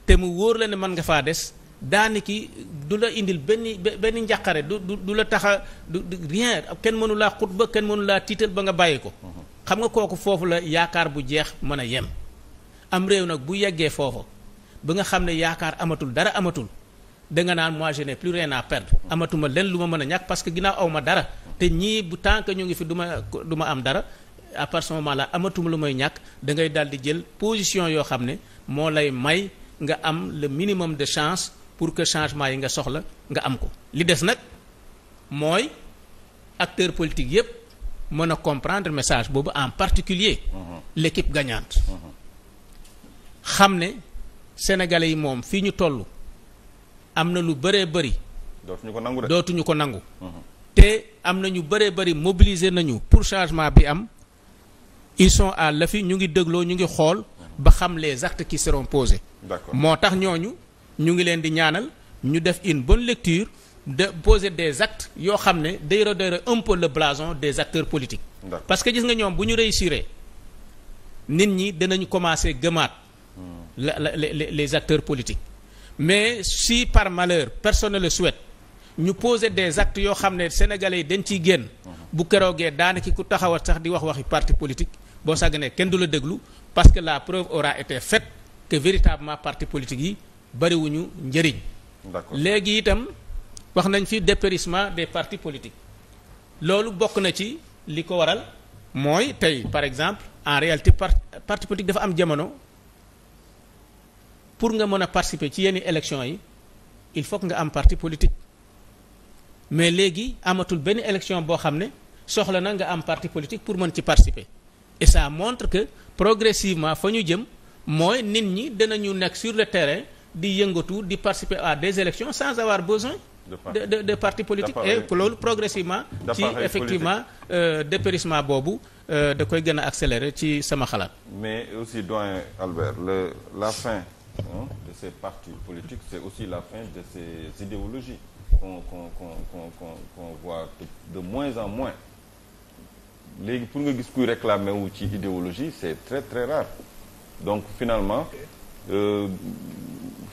te mu wóor la ne mën nga faa des daani ki du la indil benn benn njàqare du du du la taxa a du rien kenn mënu laa ba kenn mënu laa tiital ba nga bàyyi ko. Mhm. xam nga kooku foofu la yaakaar bu jeex mën a yem. am réew nag bu yeggee foofa ba nga xam ne yaakaar amatul dara amatul. danga naan moi je n'ai plus rien à amatuma lenn lu ma mën a ñàkk parce que ginnaaw aw ma dara te ñii bu tant que ñu ngi fi du ma du ma am dara à partir de ce amatuma lu may ñàkk dangay ngay daal di jël position yoo xam ne moo lay may nga am le minimum de chance pour que changement yi nga soxla nga am ko li des nag mooy acteurs politiques yépp mën a comprendre message boobu en particulier mhm. l'équipe gagnante mhm. xam ne sénégalais yi moom fii ñu toll am na lu bëree bëri. dootuñu ko nangu dootuñu ko nangu. Mhm. te am na ñu bëree bëri mobiliser nañu pour changement bi am ils sont à l'affût ñu ngi dégloo ñu ngi xool ba xam les actes qui seront posés. moo tax ñooñu ñu ngi leen di ñaanal ñu def une bonne lecture de pose des actes yoo xam ne day redorer un peu blason des acteurs politiques. parce que gis nga ñoom bu ñu réussiree nit ñi dinañ commencer gëmaat. Mhm. la les les acteurs politiques. mais si par malheur personne ne le ñu poser des actes yoo xam ne sénégalais yi dañ ciy génn mhm. bu keroogee daanaki ku taxawat sax di wax waxi parti politique boo sàgganee kenn du la déglu parce que la preuve aura été fet que véritablement parti politique yi bariwuñu njëriñ léegi itam wax nañ fi dépérissement des partis politiques loolu bokk na ci li ko waral mooy tey par exemple en réalité parti politique dafa am jamono pour nga mën a participer ci yenn élection yi il faut nga am parti politique mais léegi amatul benn élection boo xam ne soxla na nga am parti politique pour mën ci participer et ça montre que progressivement fa ñu jëm mooy nit ñi ñu nekk sur le terrain di yëngatu di participer à des élections sans avoir besoin de de de, de parti politique et loolu progressivement ci effectivement euh, dépérissement boobu euh, da koy gën a accélérer ci sama xalaat mais aussi doyen le la hein, de ces partis politiques, c'est aussi la fin de ces idéologies qu'on qu qu qu voit de, de, moins en moins. léegi pour nga gis kuy réclamer wu ci idéologie c'est très très rare donc finalement euh,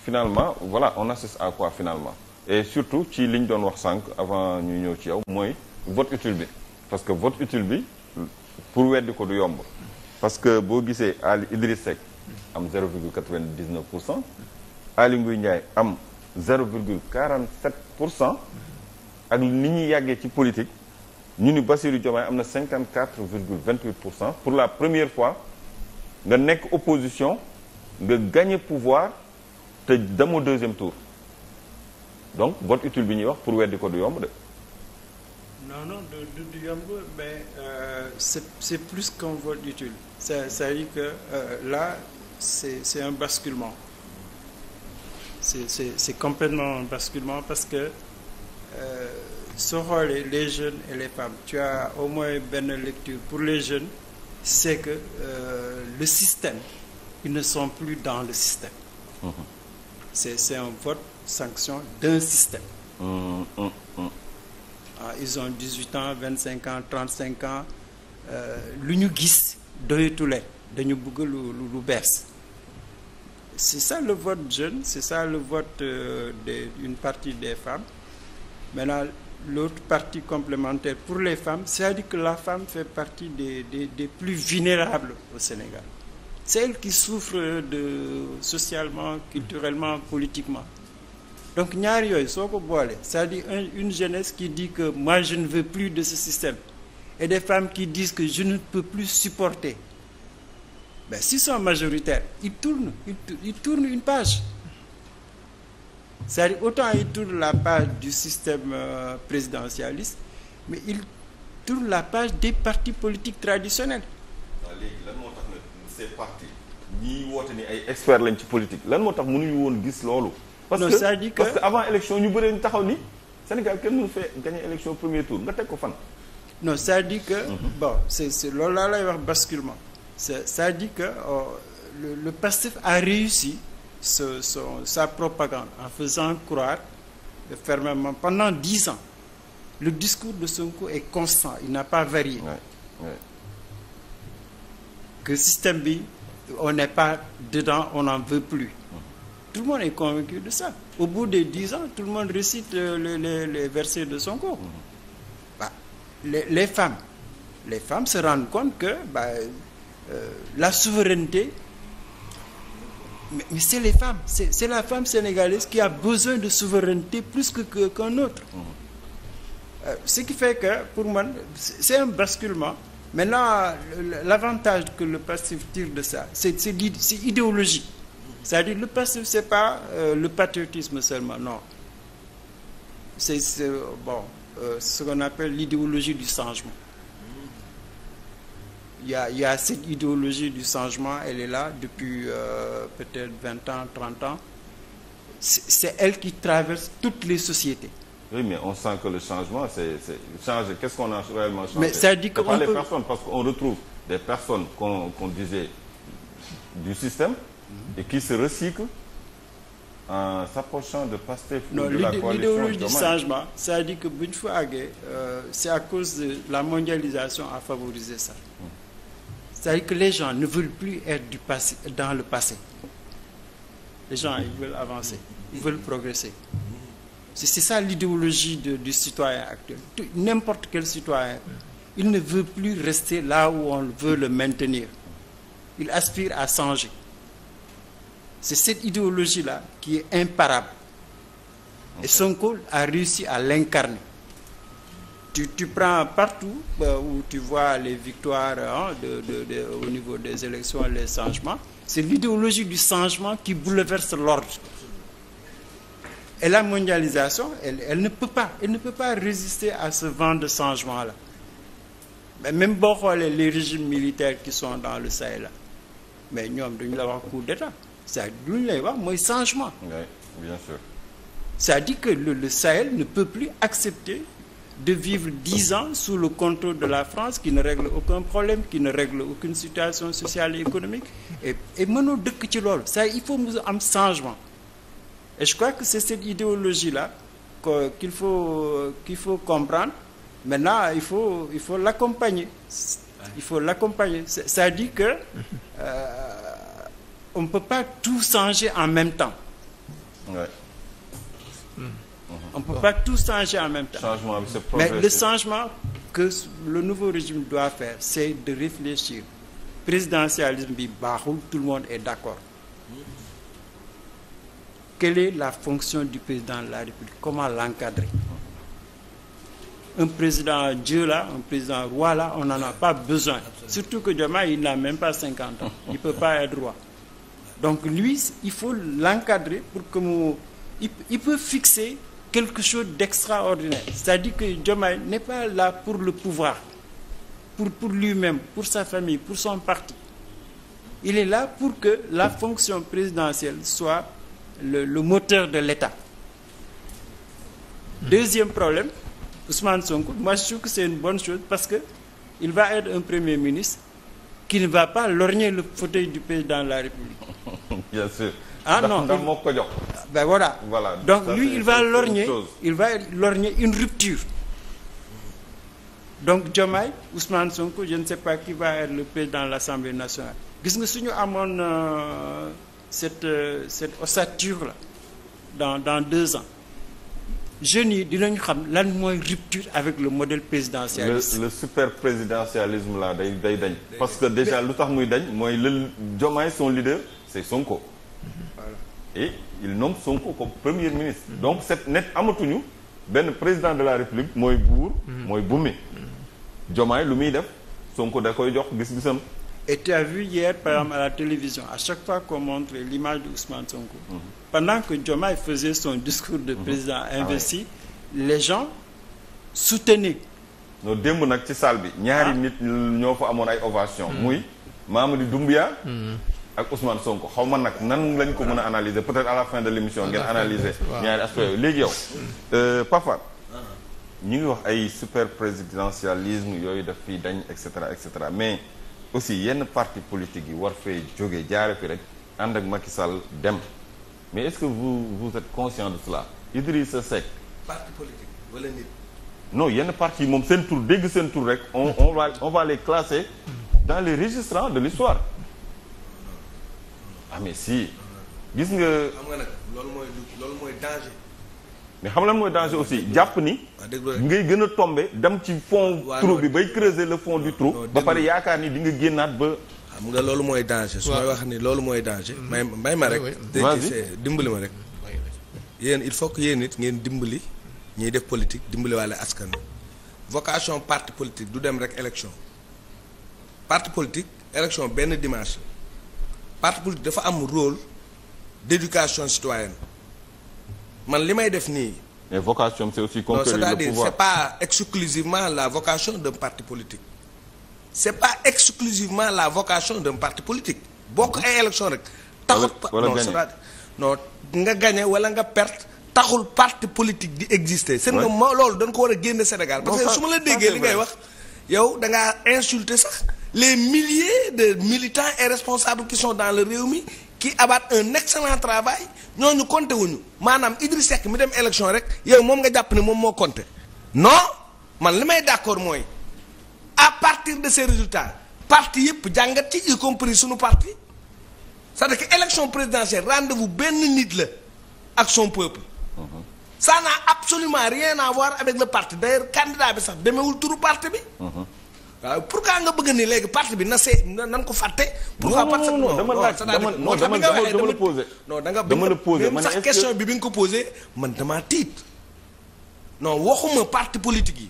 finalement voilà on assiste à quoi finalement et surtout ci li ñu doon wax sànq avant ñu ñëw ci yow mooy vote utile bi parce que vote utile bi pour weddi ko du yomb parce que boo gisee Ali Idriss Seck am 0,99 pour cent Aly Ngouille Ndiaye am 0,47 pour cent ak ni ñuy yàggee ci politique ñu ni Bassirou Diomaye am na 54,28 pour cent pour la première fois nga nekk opposition nga gagné pouvoir te demoo deuxième tour donc vote utile bi ñuy wax pour weddi ko du yomb de. non non du du yomb mais euh, c'est plus qu'un vote utile c'est cest dire que euh, là. c'est un basculement c'est complètement un basculement parce que euh, soo xoolee les jeunes et les femmes tu as au moins benn lecture pour les jeunes c'est que euh, le système ils ne sont plus dans le système mmh. c'est c'est un vote sanction d'un système mmh. Mmh. ah ils ont 18 ans cinq ans 35 ans euh, lu ñu gis doyatu leen dañu bëgg lu lu bees c'est ça le vote jeune c'est ça le vote euh, d'une partie des femmes maintenant l'autre partie complémentaire pour les femmes c'est-à-dire que la femme fait partie des des des plus vulnérables au Sénégal celles qui souffrent de socialement culturellement politiquement donc ñaar yooyu soo ko boole c'est-à-dire une jeunesse qui dit que moi je ne veux plus de ce système et des femmes qui disent que je ne peux plus supporter mais s'ils sont majoritaires ils tournent ils, ils tournent une page c'est-à-dire autant ils tournent la page du système euh, présidentialiste mais il tournent la page des partis politiques traditionnels. waaw léegi lan moo tax nag ces partis ñiy woote ni ay experts lañ ci politique lan moo tax mu mënuñu woon gis loolu. parce que parce que avant élection ñu bëri ñu taxaw ni Sénégal kenn mënu fee gagner élection premier tour nga teg ko fan. no c'est-à-dire que. Mhm. bon loolu laa lay wax basculement. C'est-à-dire que oh, le, le PASTEF a réussi ce, son, sa propagande en faisant croire fermement pendant dix ans. Le discours de Sonko est constant, il n'a pas varié. Ouais, ouais. Que système B, on n'est pas dedans, on n'en veut plus. Mm-hmm. Tout le monde est convaincu de ça. Au bout de dix ans, tout le monde récite le, le, le, les versets de son corps. Mm-hmm. Bah, les, les, femmes, les femmes se rendent compte que bah, Euh, la souveraineté mais, mais c'est les femmes c'est c'est la femme sénégalaise qui a besoin de souveraineté plus que qu'un autre mhm. euh, ce qui fait que pour man c'est un basculement maintenant l'avantage que le passif tire de ça c'est c'est idéologique c'est-à-dire le passif c'est pas euh, le patriotisme seulement non c'est bon euh, ce qu'on appelle l'idéologie du changement y a il y a cette idéologie du changement elle est là depuis euh, peut-être vingt ans trente ans c'est elle qui traverse toutes les sociétés. Oui, mais on sent que le changement, c'est changer. Qu'est-ce qu'on a réellement changé? Mais ça dit qu'on pas peut... les personnes, parce qu'on retrouve des personnes qu'on qu'on disait du système mhm. et qui se recyclent en s'approchant de Pastef ou de la coalition. L'idéologie du changement, ça dit que bu ñu fa àggee, c'est à cause de la mondialisation a favorisé ça. Hum. C'est-à-dire que les gens ne veulent plus être du passé, dans le passé. Les gens, ils veulent avancer, ils veulent progresser. C'est ça l'idéologie du citoyen actuel. N'importe quel citoyen, il ne veut plus rester là où on veut le maintenir. Il aspire à changer. C'est cette idéologie-là qui est imparable. Okay. Et Sonko a réussi à l'incarner. tu, tu prends partout euh, où tu vois les victoires de, de, de, au niveau des élections, les changements, c'est l'idéologie du changement qui bouleverse l'ordre. Et la mondialisation, elle, elle, ne peut pas, elle résister à ce vent de changement-là. Même bon, les, les régimes militaires qui sont dans le Sahel, mais nous avons avoir coup d'État. Ça a changement. Oui, bien sûr. Ça dit que le, le Sahel ne peut plus accepter de vivre dix ans sous le contrôle de la France qui ne règle aucun problème qui ne règle aucune situation sociale et économique et et mënoo dëkk ci loolu ça il faut mu am changement je crois que c'est cette idéologie là que qu'il faut qu'il faut comprendre maintenant il faut il faut l'accompagner il faut l'accompagner ça dit que euh, on ne peut pas tout changer en même temps on ne peut pas tout changer en même temps. Changement, mais le changement que le nouveau régime doit faire c'est de réfléchir présidentialisme bi baaxul tout le monde est d'accord quelle est la fonction du président de la République comment l'encadrer un président Dieu là un président roi là on n'en a pas besoin surtout que Diomaye il n'a même pas cinquante ans il peut pas être roi donc lui il faut l'encadrer pour que mu il peut fixer quelque chose d'extraordinaire c'est-à-dire que Diomaye n'est pas là pour le pouvoir pour pour lui-même pour sa famille pour son parti il est là pour que la fonction présidentielle soit le, le moteur de l'État hmm. deuxième problème Ousmane Sonko moi je trouve que c'est une bonne chose parce que il va être un premier ministre qui ne va pas lorgner le fauteuil du président de la République <laughs> ah non ndax moo ko jox. ben voilà voilà donc lui il va lorgner il va lorgner une rupture donc Diomaye Ousmane Sonko je ne sais pas qui va être le président de l'Assemblée nationale gis nga suñu amoon euh, cette euh, cette ossature là dans dans deux ans jeunes yi dinañu xam lan mooy rupture avec le modèle présidentialiste. le le super présidentialisme là day day dañ. parce que déjà lu tax muy dañ mooy le Diomaye son leader c'est Sonko. et il nomme Sonko comme premier ministre mm -hmm. donc cette net amatuñu benn président de la république mooy buur mm. mooy bumi jomaay lu muy def Sonko da koy jox gis-gisam et tu as vu hier par exemple à la télévision à chaque fois qu'on montre l'image de Ousmane Sonko mm pendant que Diomaye faisait son discours de mm-hmm. président ah investi ah les gens soutenaient noo démb nag ci salle bi ñaari ah. nit ñoo fa amoon ay ovation mm. muy Mamadou Doumbia mm-hmm. ak Ousmane son xaw ma nag nan lañ ko mën a analyser peut-être à la fin de l'émission ngeen analyser <laughs> ñaari aspect yooyu léegi yow euh, Pafar uh-huh. ñu ngi wax ay super présidentialisme yooyu daf fi dañ et cetera et cetera mais aussi yenn parti politique yi war fee jógee jaare fi rek ànd ak Macky Sall dem mais est-ce que vous vous êtes conscient de cela Idrissa Seck parti politique yenn parti moom seen tur dégg seen tur rek on on va on va les classer dans les registres de l'histoire ah si gis nga. xam nga nag loolu mooy mooy danger. mais xam lan mooy danger aussi jàpp ni. Ah, ngay gën a tombé dem ci fond. trou bi bay creuser le fond du trou. ba pare yaakaar ni di nga génnaat ba. xam nga loolu mooy danger. su may wax ni loolu mooy danger. Mm-hmm. may may ma rek. dimbali ma rek. yéen il faut que yéen nit ngeen dimbali ñuy def politique dimbali waale askan vocation parti politique du dem rek élection parti politique élection benn dimanche. parti politique dafa am rôle d'éducation citoyenne man li may def nii. mais vocation c'est aussi conquérir le pouvoir non cest la vocation d'un parti politique. c'est pas exclusivement la vocation d'un parti politique bokk ay élection rek. taxul no nga gagné wala nga perte. taxul parti politique di exister. seen nga loolu dañ ko war a génn Sénégal. parce que su ma la déggee li ngay wax yow da ngaa insulter sax. les milliers de militants et responsables qui sont dans le Rewmi qui abattent un excellent travail ñooñu compté wuñu maanaam Idriss Seck mi dem élection rek yow moom nga jàpp ne moom moo compté non man li may d'accord mooy à partir de ces résultat parti yëpp jàngat ci y suñu parti c'est-à-dire que élection présidentielle rendez-vous benn nit la ak son peuple mm-hmm. ça n'a absolument rien à voir avec le parti d'ailleurs candidat bi sax demewul turu parti bi mm-hmm. waaw pourquoi nga bëgg ni léegi parti bi na see nan ko fàtte. pourquoi parce que non dama laaj dama non dama dama la posé. non da nga dama man sax question bi bi nga ko posé man damaa tiit. non waxuma parti politique yi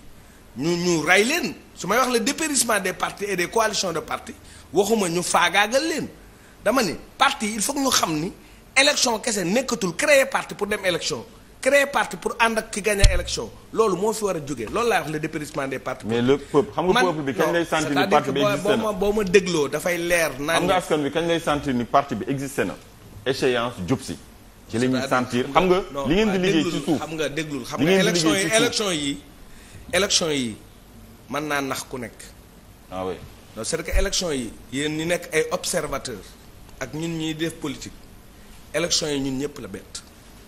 ñu ñu rey leen su may wax la dépérissement des partis et des coalitions de partis waxuma ñu faagaagal leen dama ni parti il faut ñu xam ni élection kese nekkatul créer parti pour dem élection. créer parti pour ànd ak ki gagné élection loolu moo fi war a jógee loolu laa wax le dépérissement des partis. mais le peuple xam nga peuple bi kañ lay sentir ni parti bi existé na boo ma dafay leer. naan xam nga askan bi kañ lay sentir ni parti bi existé na échéance jub si. ci la ñuy sentir xam nga li ngeen di liggéey ci suuf xam nga déglul xam nga élection yi élection yi élection yi mën naa nax ku nekk ah oui non c'est que yi yéen ñi nekk ay observateur ak ñun ñuy def politique élection yi ñun ñëpp la bett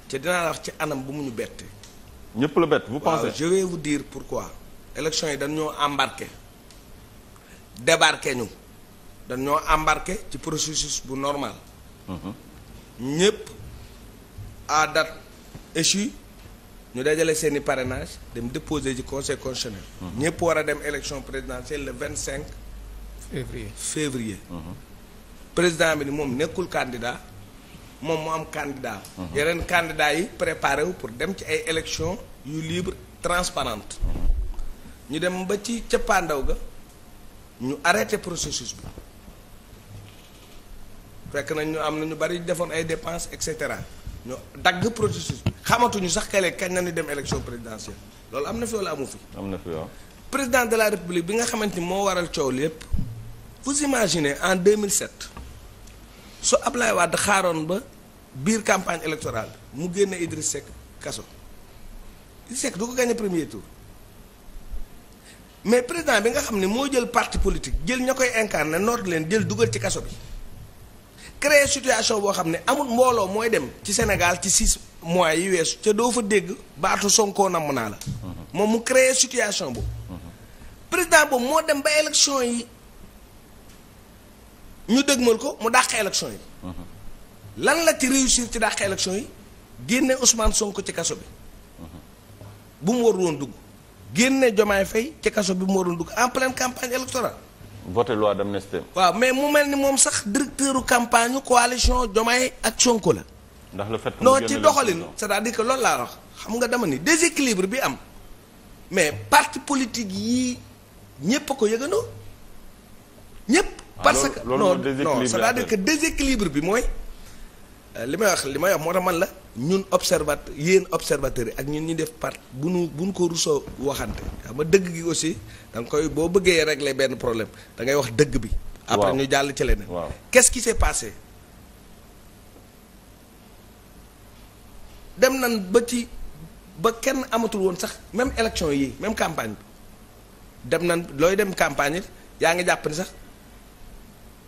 te dinaa wax ci anam bu mu ñu bett. ñëpp la bett vous pensez waaw je vais vous dire pourquoi. élection yi dañoo embarqué débarqué ñu dañoo embarqué ci processus bu normal. Mhm. ñëpp à date échue ñu dajale seen i parrainage dem déposer ci conseil constitutionnel. Mhm. ñëpp war a dem élection présidentielle le vingt cinq. février février. Mhm. président bi moom nekkul candidat. moom mu am candidat yeneen candidat yi préparé wu pour dem ci ay élection yu libre transparente ñu dem ba ci cëppaandaw ga ñu arrêté processus bi fekk nañ ñu am na ñu bari defoon ay dépenses et cetera ñu dagg processus bi xamatuñu sax kale kañ na ni dem élection présidentielle loolu am na fi wala amu fi. am na fi waaw. président de la république bi nga xamante ni moo waral coow lépp vous imaginez en 2007 su Ablaye Wade xaaroon ba biir campagne électorale mu génn Idriss Seck kaso Idriss Seck du ko gagné premier tour mais président bi nga xam ne moo jël parti politique jël ña koy incarné noot leen jël dugal ci kaso bi créer situation boo xam ne amul mbooloo mooy dem ci Sénégal ci six mois yi weesu te doo fa dégg baatu Sonko namm naa la moom mu créer situation boobu président boobu moo dem ba élection yi ñu dëgmal ko mu dàq élection yi lan la ci réussir ci dàq élection yi génne Ousmane Sonko ci kaso bi bu mu warul woon dugg génne Jomaay Fay ci kaso bi mu warul dugg en pleine campagne électorale. voté loi d'amnistie. waaw mais mu mel ni moom sax directeur campagne coalition Jomaay ak Sonko la. ndax le fait que non ci doxalin c'est-à-dire que loolu laa wax xam nga dama ni déséquilibre bi am mais parti politique yi ñépp a ko yëgandoo ñépp ah, parce que non non cest dire que déséquilibre bi mooy. Euh, li may wax li may wax moo tax man la ñun observateur yéen observateur yi ak ñun ñu def part bu nu bu nu ko rusoo waxante xam nga dëgg gi aussi danga koy boo bëggee regle benn problème da ngay wax dëgg bi. après ñu jàll ci leneen. waaw qu'est-ce qui s'est passé. dem nan ba ci ba kenn amatul woon sax même élection yi même campagne bi dem nan looy dem campagne yaa ngi jàpp ni sax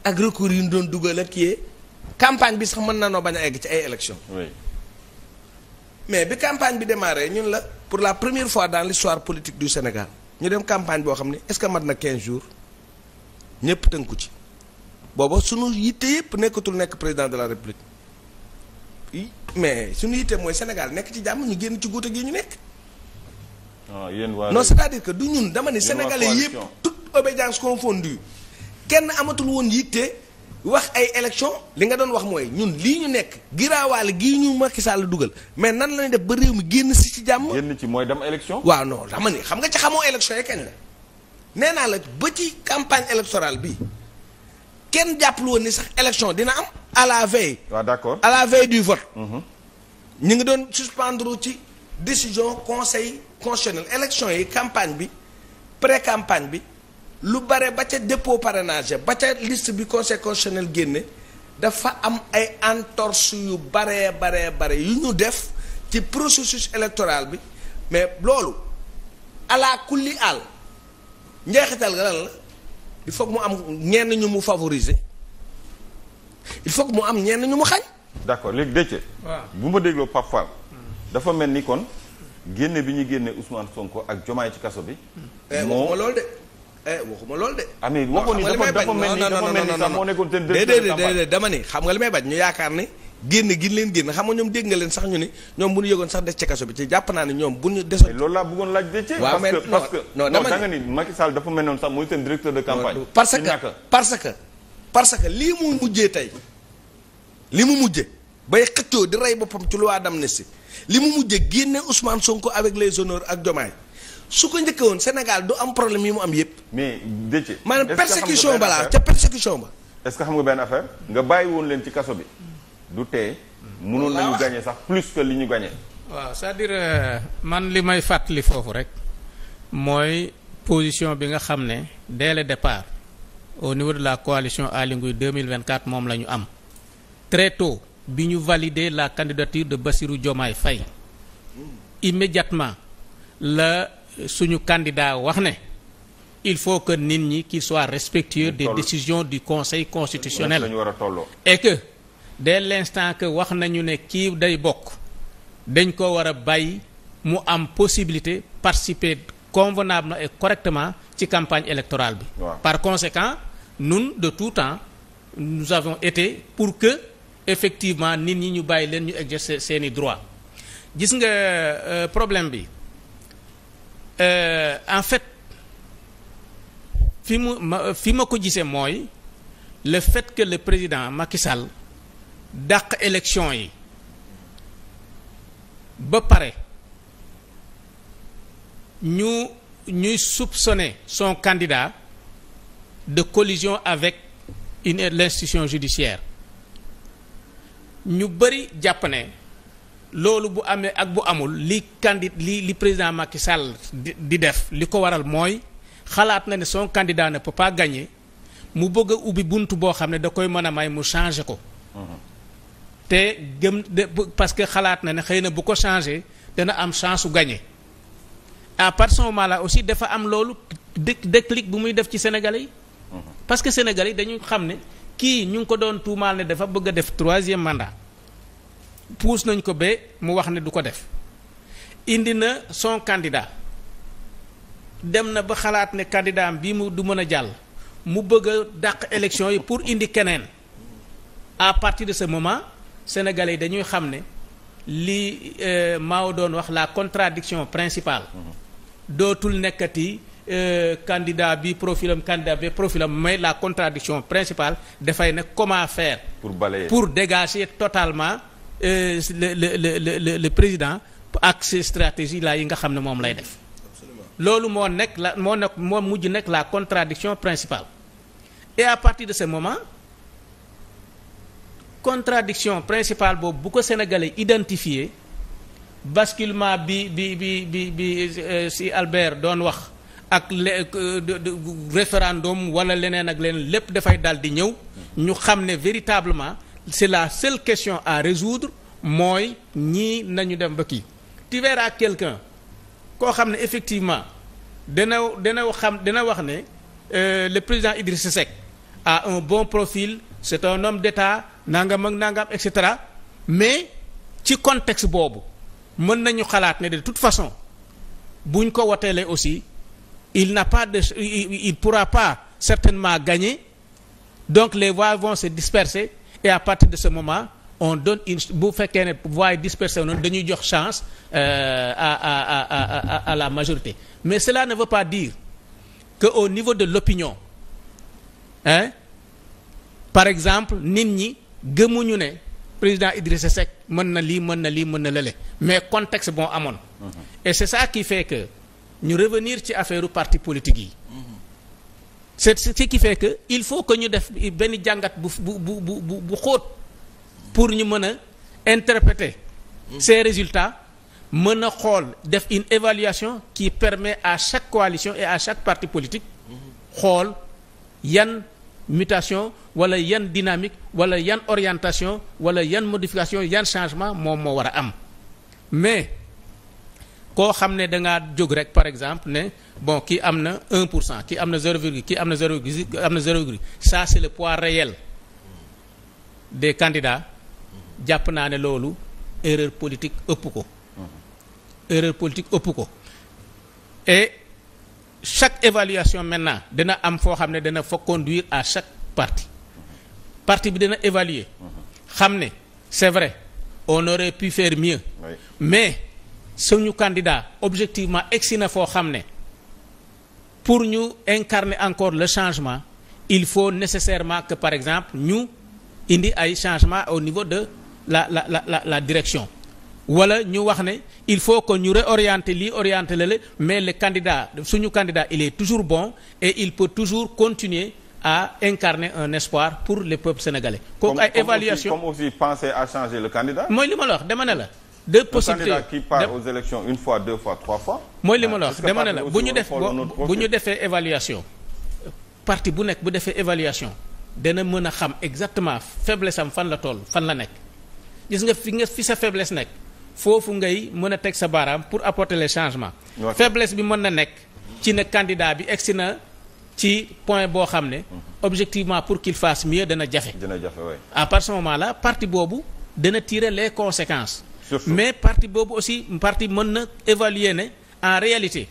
ak yu yi ñu doon dugal ak kii campagne bi sax mën na noo bañ a egg ci ay élections. mais bi campagne bi démarré ñun la pour la première fois dans l'histoire politique du Sénégal ñu dem campagne boo xam ne est-ce que mat na 15 jours ñëpp tënku ci booba sunu yitte yëpp nekkatul nekk président de la République mais sunu yitte mooy Sénégal nekk ci jàmm ñu génn ci guute gi ñu nekk. non ah, yéen waa non c'est-à-dire que du ñun dama ne. Sénégalais yëpp toute obédience confondue kenn amatul woon yitte. wax ay election li nga doon wax mooy ñun lii ñu nekk giraawaale gii ñu Macky Sall dugal mais nan la def ba réew mi génn si ci jàmm. génn mooy dem élection. waaw non dama xam nga ci xamoo élection yi kañ la nee naa la ba ci campagne électorale bi kenn jàppale woon ni sax élection dina am à la veille. waaw d'accord à la veille du vote. Mhm. ñu ngi doon suspendre ci décision conseil constitutionnel élection yi campagne bi pré campagne bi. lu bare ba ca dépôt parrainage ba ca list bi conseil constitutionnel génne dafa am ay entorse yu baree bare bare yu ñu def ci processus électoral bi mais loolu ala kulli àll njeexital gaa lan la il faut que mu am ñenn ñu mu favoriser il faut mu am ñenn ñu mu xañ. d'accord léegi Déthié. waaw bu ma dégloo Pape hmm. dafa mel ni kon génne bi ñu génne Ousmane Sonko ak Jomaay ci kaso bi. Eh, moo loolu de. Eh, waxuma lool de. amiin ah, waxoon ni dafa dafa mel ni dafa mel ni sax moo nekkoon xam nga li may bañ ñu yaakaar ne génn gi leen génn xam nga ñoom dégg nga leen sax ñu ni ñoom bu ñu yëgoon sax des ci kaso bi ci jàpp naa ne ñoom bu ñu desoon. laa bëggoon laaj de ci. parce que non danga ni Macky Sall dafa mel parce que parce que lii mu mujjee tey li mu mujjee bay xëccoo di rey boppam ci loi d'amnistie li mu mujjee génne Ousmane Sonko avec les honneurs ak Diomaye su ko njëkkee woon Sénégal du am problème yi mu am yëpp. mais dëcc. maanaam persécution balaa ca persécution ba. est que xam nga benn affaire nga bàyyi woon leen ci kaso bi du tee. mënoon nañu gagné sax plus que li ñu gagné. waaw cest dire euh, man li may fàttali foofu rek mooy position bi nga xam ne dès le départ au niveau de la coalition Aly Ngouille 2024 moom la ñu am très bi ñu valider la candidature de Bassirou Diomaye Faye immédiatement la. suñu candidat wax ne il faut que nit ñi qui soit respectueux des décisions du conseil constitutionnel et que dès l'instant que wax nañu ne kii day bokk dañ ko war a bàyyi mu am possibilité participer convenablement et correctement ci campagne électorale bi par conséquent nun de tout temps nous avons été pour que effectivement nit ñi ñu bàyyi leen ñu exercer seeni droit gis nga euh, problème bi euh, en fait fi mu ma fi ma ko gisee mooy le fait que le président Macky Sall dàq élection yi ba pare ñu ñuy soupçonner son candidat de collision avec une l'institution judiciaire ñu bëri jàpp ne loolu bu amee ak bu amul li candidat li li président Macky Sall di, def li ko waral mooy xalaat na ne son candidat ne peut pas gagner mu bëgg a ubbi bunt boo xam ne da koy mën a may mu changer ko. Mhm. te gëm de parce que xalaat na ne xëy na bu ko changer dana am chance su gagner à part ce moment aussi dafa am loolu dëkk déclic bu muy def ci Sénégalais yi. Uh mhm. -huh. parce que Sénégalais yi dañu xam ne kii ñu ngi ko doon tuumaal ne dafa bëgg a def troisième mandat. puus nañ ko ba mu wax ne du ko def indi na son candidat dem na ba xalaat ne candidat bi mu du mën a jàll mu bëgg a dàq élection yi pour indi keneen à partir de ce moment sénégalais yi dañuy xam ne li euh, Mao doon wax la contradiction principal mhm. dootul nekkati euh, candidat bi profilam candidat bi profilam mais la contradiction principale dafay ne comment faire pour balayer pour dégager totalement Euh, le le le le le président ak ses stratégie là yi nga xam ne moom lay def. loolu moo nekk la moo nekk moo mujj nekk la contradiction principal et à partir de ce moment contradiction principal boobu bu ko sénégalee identifié basculement bi bi bi bi bi euh, si Albert doon wax ak le euh, référendum wala leneen ak leneen lépp dafay daal di ñëw ñu xam ne véritablement c'est la seule question à résoudre mooy ñii nañu dem ba kii tu verras quelqu'un koo xam ne effectivement dana dana xam dana wax ne euh, le président Idriss Seck a un bon profil c'est un homme d'État nangam ak nangam et cetera mais ci contexte boobu mën nañu xalaat ne de toute façon buñ ko woteelee aussi il n'a pas de il pourra pas certainement gagner donc les voix vont se disperser et à partir de ce moment on donne une bu fekkee ne voix yi dispersé dañuy jox chance euh, à, à, la majorité mais cela ne veut pas dire que au niveau de l'opinion hein par exemple nit ñi gëmuñu ne président Idrissa Seck mën na lii mën na lii mën na lële mais contexte bon amoon mhm. et c'est ça qui fait que ñu revenir ci affaire parti politique yi mhm. c'est ce qui fait que il faut que ñu def benn jàngat bu bu bu bu bu xóot pour ñu mën a interpréter mm. ces résultats mën a xool def une évaluation qui permet à chaque coalition et à chaque partie politique mm-hmm. xool yan mutation wala yan dynamique wala yan orientation wala yan modification yan changement moom moo war a am mais koo xam ne da ngaa jóg rek par exemple ne bon kii am na 1 pour cent kii am na 0 virgule kii am na 0 virgule am na 0 virgule ça c'est le poids réel des candidats jàpp naa ne loolu erreur politique ëpp ko. erreur politique ëpp ko et chaque évaluation maintenant dana am foo xam ne dana fa conduire à chaque parti parti bi dana évaluer. xam ne c'est vrai on aurait pu faire mieux. Oui. mais suñu candidat objectivement egsi na foo xam ne pour ñu incarner encore le changement il faut nécessairement que par exemple ñu indi ay changement au niveau de la la la la, la direction wala ñu wax ne il faut que ñu réorienter lii orienter la mais le candidat suñu candidat il est toujours bon et il peut toujours continuer à incarner un espoir pour le peuple sénégalais. kooku ay évaluation comme aussi, comme aussi le candidat. mooy li ma la wax dama la. deux possibilités le candidat qui part aux élections une fois deux fois mooy li ma la ah, wax dama ne la bu ñu def bu defee évaluation. parti bu nekk bu defee évaluation dana mën a xam exactement faiblesse am fan la tool fan la nekk gis nga fi nga fi sa faiblesse nekk foofu ngay mën a teg sa baaraam pour apporter les changements. faiblesse bi mën na nekk ci ne candidat bi egsi na. ci point boo xam ne objectivement pour qu'il fasse mieux dana jafe. dana jafe à partir parti boobu dana tirer les conséquences surtout mais parti boobu aussi parti mën na évaluer ne en réalité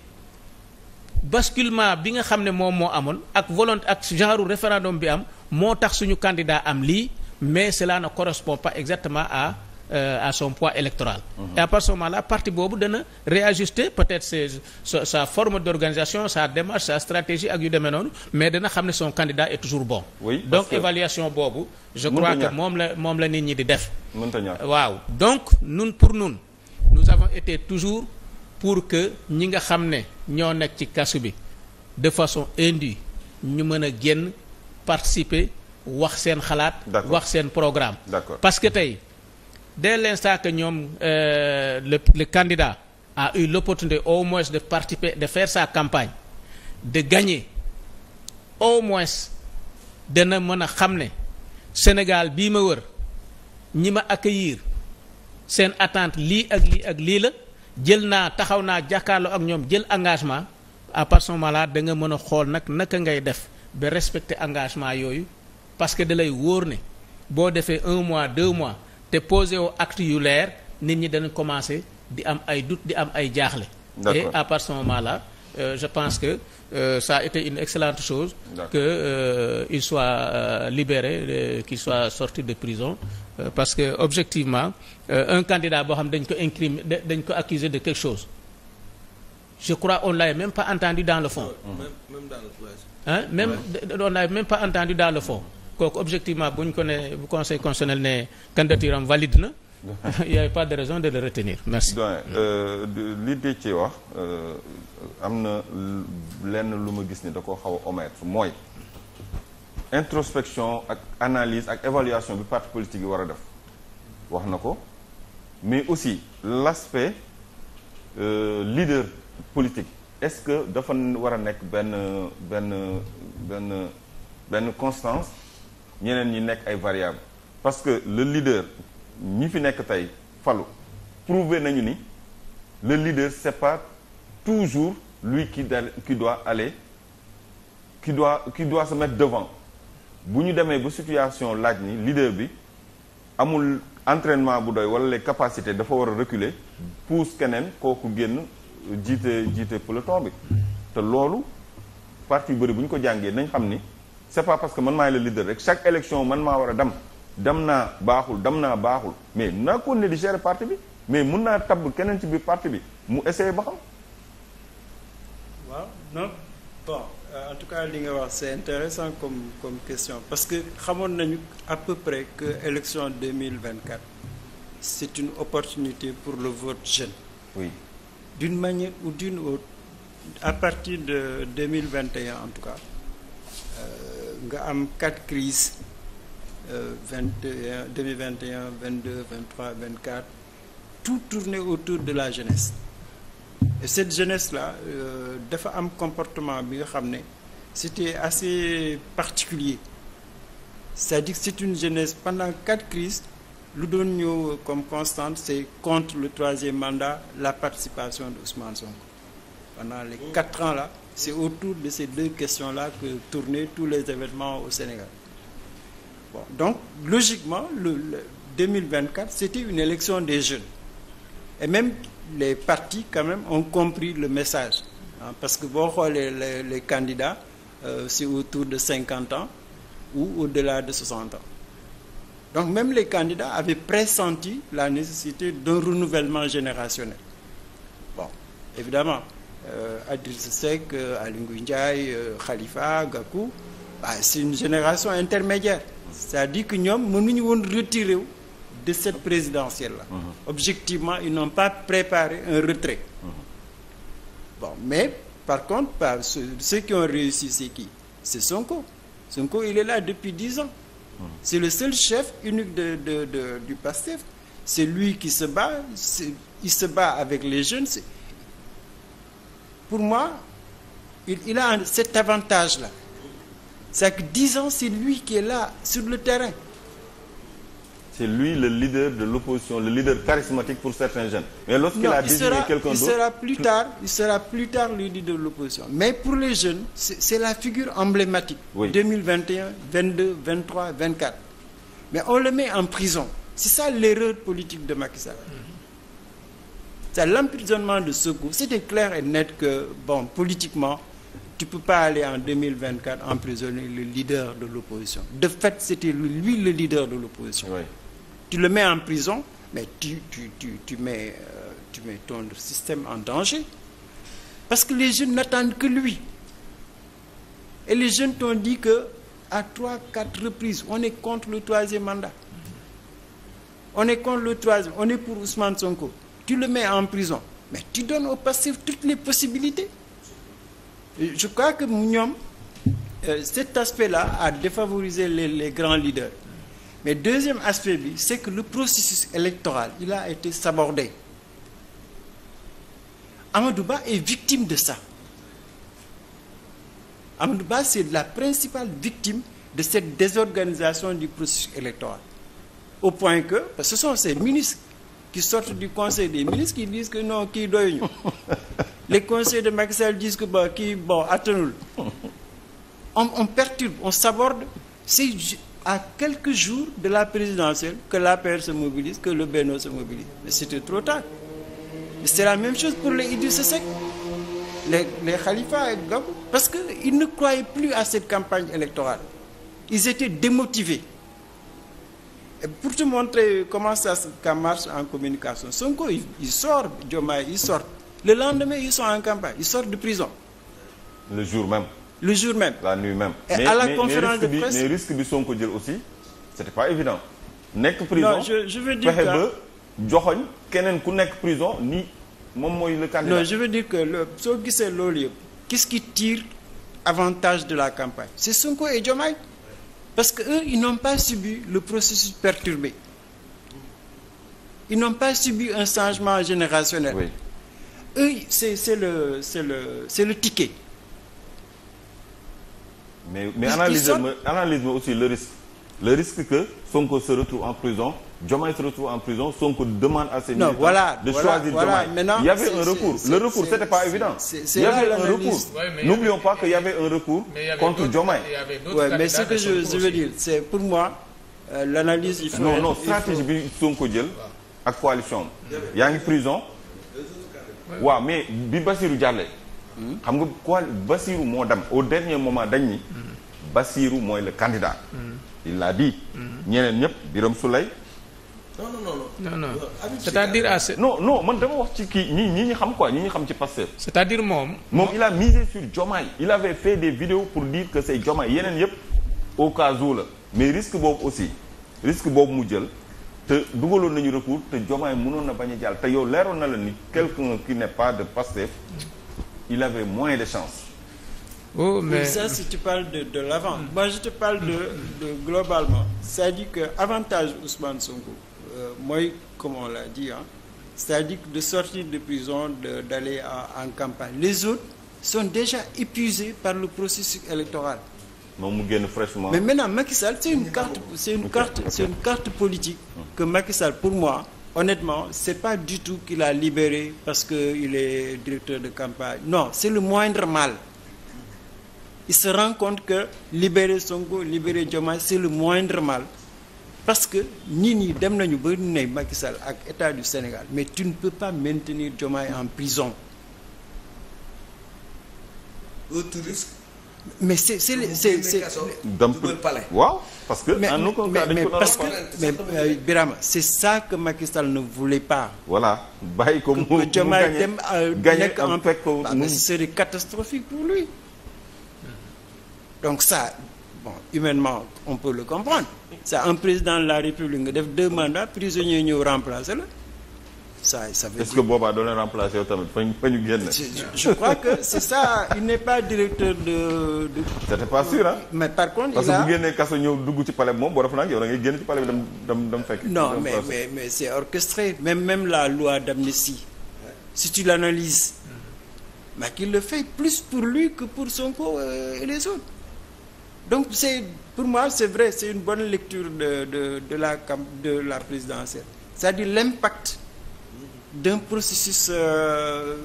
basculement bi nga xam ne moom moo amoon ak volonté ak genre référendum bi am moo tax suñu kandidaa am lii mais cela na correspond pas exactement à. Euh, à son poids électoral. Mhm. et à partir de ce moment là parti boobu dana réajuster peut-être ses sa sa forme d'organisation sa démarche sa stratégie ak yu demee noonu mais dana xam ne son candidat est toujours bon. oui donc évaluation boobu. je crois que moom la moom la nit ñi di def. waaw donc nun pour nun nous avons été toujours pour que ñi nga xam ne ñoo nekk ci kasu bi de façon indue ñu mën a génn participer wax seen xalaat. wax seen programme. parce tey. dès l'instant que ñoom euh, le candida candidat a eu l'opportunité au moins de participer de faire sa campagne de gagner au moins dana mën a xam ne Sénégal bii ma wër ñi ma yiir seen attente lii ak lii ak lii la jël naa taxaw naa jàkkaarloo ak ñoom jël engagement à partir de ce da nga mën a xool nag naka ngay def ba respecter engagement yooyu parce que da wóor ne boo defee un mois deux mois de posé woo acte yu leer nit ñi dana commencé di am ay doute di am ay jaaxle. et à partir de euh, je pense que euh, ça a une excellente chose. que euh, il soit euh, libéré euh, qu'il soit sorti de prison. parce que objectivement un candidat boo xam dañ ko incriminé dañ ko accusé de quelque chose. je crois on l'avait même pas entendu dans le fond. même même dans le même on l'avait même pas entendu dans le fond. kooku objectivement bu ñu ko nee bu conseil constitutionnel ne candidature am na il <laughs> y a pas de raison de le retenir merci euh, li dee ci wax euh, am na lenn lu ma gis ni da ko xaw a omettre mooy introspection ak analyse ak évaluation bi parti politique bi war a def wax na ko mais aussi laspe euh, leader politique est-ce que dafa war a nekk benn benn benn benn constance ñeneen ñi nekk ay variable parce que le leader ñi fi nekk tey falu prouver nañu ni le leader c'est pas toujours lui qui qui doit aller qui doit qui doit se mettre devant bu ñu demee ba situation laaj ni leader bi amul entraînement bu doy wala les capacité dafa war a reculer pousse keneen kooku génn jiite jiite peloton bi te loolu parti bëri bu ñu ko jàngee nañ xam ni c'est pas parce que man maay le leader rek chaque élection man maa war a dem dem naa baaxul dem naa baaxul mais naa ko ne di gérer parti bi mais mun naa tabb keneen ci biir parti bi mu essayer ba xam. waaw non bon euh, en tout cas li nga wax c'est intéressant comme comme question parce que xamoon nañu à peu près que élection 2024 c'est une opportunité pour le vote jeune. oui d'une manière ou d'une autre à partir de 2021 en tout cas. nga am quatre crises euh, vingt et un vingt et vingt deux vingt trois vingt quatre tout tourné autour de la jeunesse et cette jeunesse là euh, dafa am comportement bi nga xam ne c'était assez particulier c'est-à-dire que c'est une jeunesse pendant quatre crises lu doon ñëw comme constante c'est contre le troisième mandat la participation de Ousmane Sonko pendant les quatre ans là C'est autour de ces deux questions-là que tournaient tous les événements au Sénégal. Bon, donc, logiquement, le, le 2024, c'était une élection des jeunes. Et même les partis, quand même, ont compris le message. Hein, parce que bon, les, les, les candidats, euh, c'est autour de 50 ans ou au-delà de 60 ans. Donc même les candidats avaient pressenti la nécessité d'un renouvellement générationnel. évidemment, Idrissa euh, Seck euh, Aly Ngouille Ndiaye euh, Khalifa Gakou ah c'est une génération intermédiaire c'est-à-dire que ñoom mënuñu woon retirer wu de cette présidentielle là mm-hmm. objectivement ils n'ont pas préparé un retrait mm-hmm. mais par contre par ceux qui ont réussi c'est qui c'est Sonko Sonko il est là depuis dix ans mm-hmm. c'est le seul chef unique de de, de du PASTEF c'est lui qui se bat il se bat avec les jeunes pour moi il, il avantage là c'est que dix ans c'est lui qui est le terrain c'est le leader de l'opposition le leader charismatique pour certains jeunes mais lorsqu'il a désigné quelqu'un d'autre il sera plus tard il sera plus tard le de l'opposition mais pour les jeunes c'est la figure emblématique oui. mais on le met en prison c'est ça l'erreur de Macky C'est l'emprisonnement de Sogou. C'était clair et net que, bon, politiquement, tu ne peux pas aller en 2024 emprisonner le leader de l'opposition. De fait, c'était lui le leader de l'opposition. Tu le mets en prison, mais tu, tu, tu, tu mets, euh, tu ton système en danger. Parce que les jeunes n'attendent que lui. Et les jeunes t'ont dit que à trois, quatre reprises, on est contre le troisième mandat. On est contre le troisième, on est pour Ousmane Sonko. tu le mets en prison mais tu donnes au passif toutes les possibilités je crois que ñoom euh, cet aspect-là a défavorisé les, les grands leaders mais deuxième aspect bi c'est que le processus électoral il a été sabordé Amadou Ba est victime de ça Amadou Ba c'est la principale victime de cette désorganisation du processus électoral au point que parce que ce sont ces ministres qui sortent du conseil des ministres qui disent que non kii doyuñu <laughs> les conseils de Macky Sall disent que ba kii bon attanul <laughs> on on perturbe on s'aborde c'est à quelques jours de la présidentielle que l'APR se mobilise que le Benno se mobilise mais c'était trop tard c'est la même chose pour les Idrissa Seck les les Khalifa et parce que ils ne croyaient plus à cette campagne électorale ils étaient démotivés Et pour te montrer comment ça, ça marche en communication, Sonko, il, il sort, Diomaye, il sort. Le lendemain, ils sont en campagne, ils sortent de prison. Le jour même. Le jour La nuit même. Et mais, à la mais, conférence mais de presse. mais risque bi Sonko jël aussi, c'était pas évident. nekk prison non je je veux dire que ba joxoñ keneen ku nekk prison ni moom mooy le candidat. non je veux dire que le soo gisee loolu yëpp. qu'est-ce qui tire avantage de la campagne. c'est Sonko et Diomaye. Parce qu'eux, ils n'ont pas subi le processus perturbé. Ils n'ont pas subi un changement générationnel. Oui. Eux, c'est le, le, le ticket. Mais, mais analyse, sont... analyse aussi le risque. Le risque que Sonko se retrouve en prison Diomaye se retrouve en prison Sonko demande à ses non, militants voilà, de voilà, choisir voilà. Diomaye Maintenant, il y recours le recours c'était pas évident il y avait recours n'oublions pas qu'il y avait un recours contre Diomaye mais ce que je, veux dire c'est pour moi euh, l'analyse il faut non non stratégie jël ak coalition yaa ngi prison waaw mais bi Bassirou jàllee hmm? xam nga quoi moo dem au dernier moment dañ ni hmm. Bassirou mooy le candidat hmm. il l'a dit ñeneen ñëpp Birame Souleye non non non non non euh, c'est-à-dire man dama wax ci kii ñi ñi ñu xam quoi ñi ñu xam ci Pastef. cest a dire moom. moom il a misé sur Diomaye il avait fait des vidéos pour dire que c'est Diomaye yeneen yëpp au cas où la mais risque boobu aussi risque boobu mu jël te dugaloon nañu recours te Diomaye munoon na bañ a jàll te yow leeroon na la ni quelqu'un qui n'est pas de Pastef il avait moins de chance. Oh, mais oui, ça si tu parles de de l'avant. moi je te parle de de globalement. c'est-à-dire que avantage Ousmane Sonko. Euh, mooy comme on l'a dit ah c'est-à-dire de sortir de prison d'aller en, en campagne les autres sont déjà épuisés par le processus électoral. moom mu génn fraîchement. mais maintenant Macky Sall c'est une carte politique. que Macky pour moi honnêtement c'est pas du tout qu'il a libéré parce que il est directeur de campagne non c'est le moindre mal. il se rend compte que libérer Sonko libérer Diomaye c'est le moindre mal. parce que nit ñi dem nañu ba ne Macky Sall ak état du Sénégal mais tu ne peux pas maintenir Diomaye en prison. mais c'est c'est c'est c'est waaw parce que. mais mais parce euh, c'est ça que Macky ne voulait pas. voilà bàyyi ko mu mu Diomaye dem euh, nekk en. catastrophique pour lui donc ça. bon humainement on peut le comprendre c'est un président de la république nga def deux mandats prisonnier ñëw remplacer la ça ça veut dire ce que boobaa doon na remplacer yow tamit fa ñu je crois que c'est ça il n'est pas directeur de. de c'était pas sûr mais par contre parce il a parce que bu génnee kaso ñëw dugg ci palais moom boo defoon ak yow da ngay génn ci palais bi non mais c'est orchestré. même la loi d'amnistie si tu l'analyses. Mm-hmm. mais qu'il le fait plus pour lui que pour Sonko euh, et les autres. donc c'est pour moi c'est vrai c'est une bonne lecture de de de la camp de la présidentielle c'est-à-dire l'impact d'un processus euh,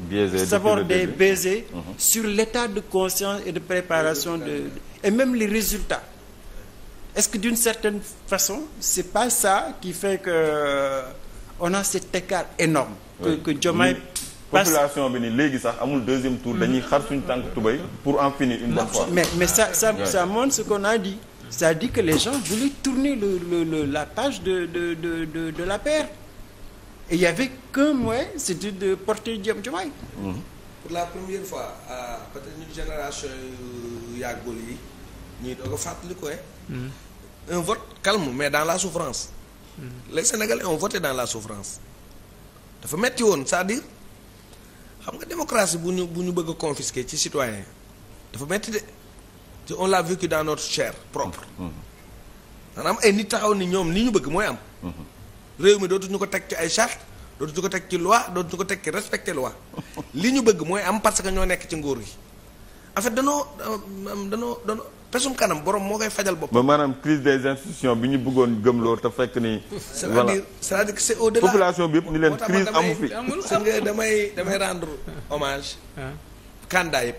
des sabordé mhm. sur l'état de conscience et de préparation de, de et même les résultats est-ce que d'une certaine façon c'est pas ça qui fait que euh, on a cet écart énorme que oui. population bi ni léegi sax amul deuxième tour hmm. dañuy xar suñu tànk tubay pour en finir une bonne fois. mais mais ça ça ça montre a di c'est-à-dire que les gens tourner la page de de de de de la paire et il y avait qu'un moyen c'était de porter Diomaye. Hmm. pour la première fois peut-être génération yu yàggul yi ñuy doog fàttali ko hmm. un vote calme mais dans la souffrance. les Sénégalais ont voté dans la souffrance dafa metti woon cest dire xam nga démocratie bu ñu bu ñu bëgg a confisquer ci citoyen dafa metti de te on l'a vécu dans notre chair propre mm-hmm. Mm-hmm. maanaam ay nit taxaw ni ñoom li ñu bëgg mooy am mm-hmm. réew mi dootuñu ko teg ci ay charte dootuñu ko teg ci loi dootuñu ko teg ci respecter loi <laughs> li ñu bëgg mooy am parce que ñoo nekk ci nguur yi en danoo danoo danoo pesum kanam borom moo koy fajal boppam. ba maanaam crise des institutions bi ñu bëggoon gëm loolu te fekk ni. voilà c'est-à-dire que c'est au-delà. population bi yëpp ni leen crise amu fi. xam nga damay damay rendre hommage. candidat ah. yëpp.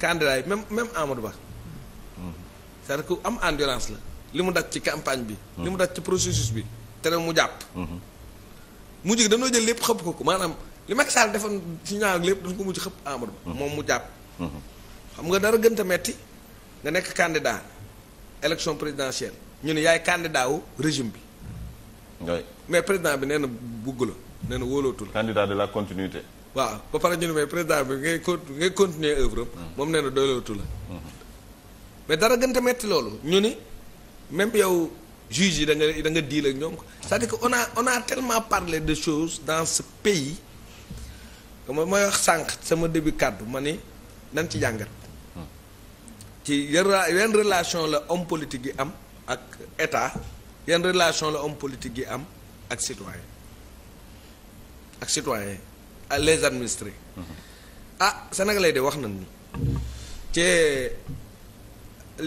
candidat yëpp même même Amadou Ba. c'est-à-dire que am endurance la. li mu daj ci campagne bi. li mu daj ci processus bi. te mu jàpp. mujj gi dañoo jël lépp xëpp ko ko maanaam li Macky Sall defoon ci ñaar lépp dañ ko mujj xëpp Amadou Ba. moom mu jàpp. xam nga dara gën a metti nga nekk candidat élection présidentielle ñu ne yaay candidat wu régime bi. mais président bi nee na bugg la nee na wóolootu la. candidat de la continuité. waaw ba pare ñu ne mais président bi ngay con ngay hmm. moom nee na doylootu la. Hmm. mais dara gën a metti loolu ñu ni même yow juge yi da nga da nga diil ak ñoom c'est-à-dire que on a on a de choses dans ce pays que ma may wax sànq sama début kàddu ma ni nañ ci jàngat. ci yan relation la homme politique yi am ak état yenn relation la homme politique yi am ak citoyen ak citoyen les administrés mm-hmm. ah sénégalais de wax na ni ci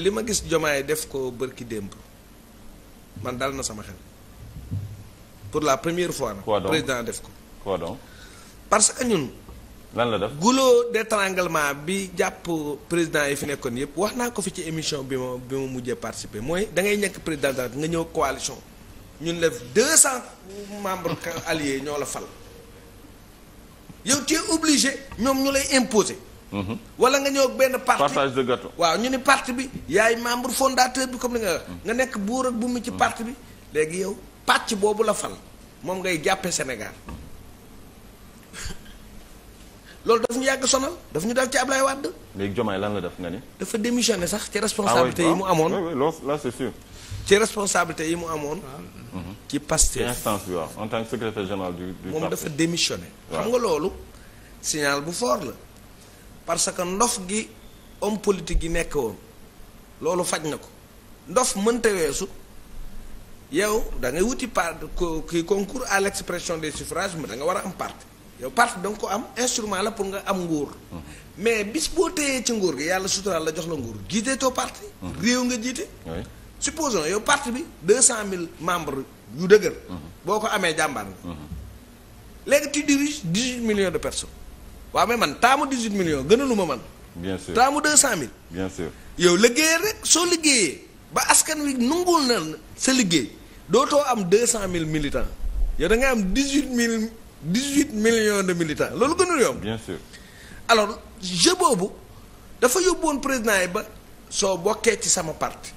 li ma gis jomaay def ko bërki démb man dal na sama xel pour la première fois nag président def ko quoi donc parce que ñun lan la def goulot d'étranglement bi jàpp président yi fi nekkoon yëpp wax naa ko fi ci émission bi ma bi ma mujjee participer mooy da nekk président de nga ñëw coalition ñun la deux cent membres alliés ñoo la fal yow tu es ñoom ñu lay imposer. Mhm. wala nga ñëw benn parti partage de waaw ñu ni parti bi yaay membre fondateur bi comme ni nga mhm. nga nekk buur ak bu mu ci mhm. parti bi léegi yow pàcc boobu la fal moom ngay jàppee Sénégal. loolu daf ñu yàgg sonal daf ñu dal ci ab Ablaye Wade. léegi Diomaye lan la def nga ni. dafa démissionné sax ci ah responsabilité yi ah. mu amoon ah oui waaw là c'est ci responsabilité yi mu amoon. Mhm. ci ci instance bi waaw en tant que secrétaire général du du dafa démissionné. xam nga loolu signal bu foor la parce que ndox gi homme politique yi nekk woon loolu faj na ko ndof mënta weesu. yow da ngay wuti par kii concours à l' expression des suffrages da nga war a am part yow parti da nga ko am instrument la pour nga am nguur mm-hmm. mais bis boo téyee ci nguur gi yàlla suturaal la jox la nguur jiiteetoo parti mm-hmm. réew nga jiite supposons yow parti bi deux cent mille membres yu dëgër mm-hmm. boo ko amee jàmbaar nga léegi tu diriges dix-huit millions de personnes waaw mais man taamu dix-huit millions gënalu ma man bien taamu deux cent mille bien sûr yow liggéeyee rek soo liggéeyee ba askan wi nungul na sa liggéey dootoo am deux cent mille militants yow da dix-huit millions de militants loolu gënul yomb. bien sûr alors jeu boobu dafa yóbbuwoon président yi ba soo bokkee ci sama parti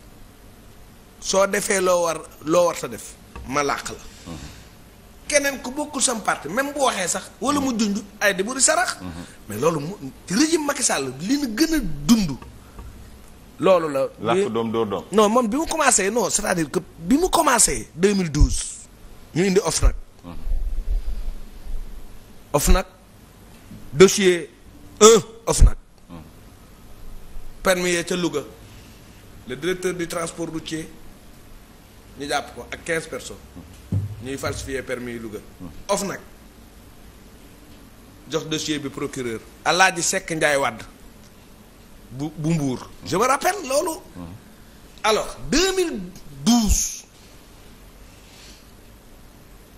soo defee loo war loo war sa def ma làq la. keneen ku bokkul sama parti même bu waxee sax wala mu junj ay déburi sarax. mais loolu mu ci régime Macky Sall li ñu gën a dund. loolu la. làkk doom door doom. non moom bi mu commencé no c'est-à-dire bi mu commencé 2012 ñu indi OFNAC. OFNAC dossier un OFNAC permis ca Louga le directeur du transport routier ñu jàpp ko ak quinze personnes ñuy falsifier permis Louga OFNAC jox dossier bi procureur ji Sekk Njaay Wàdd bu bu Mbuur je me rappelle loolu alors 2012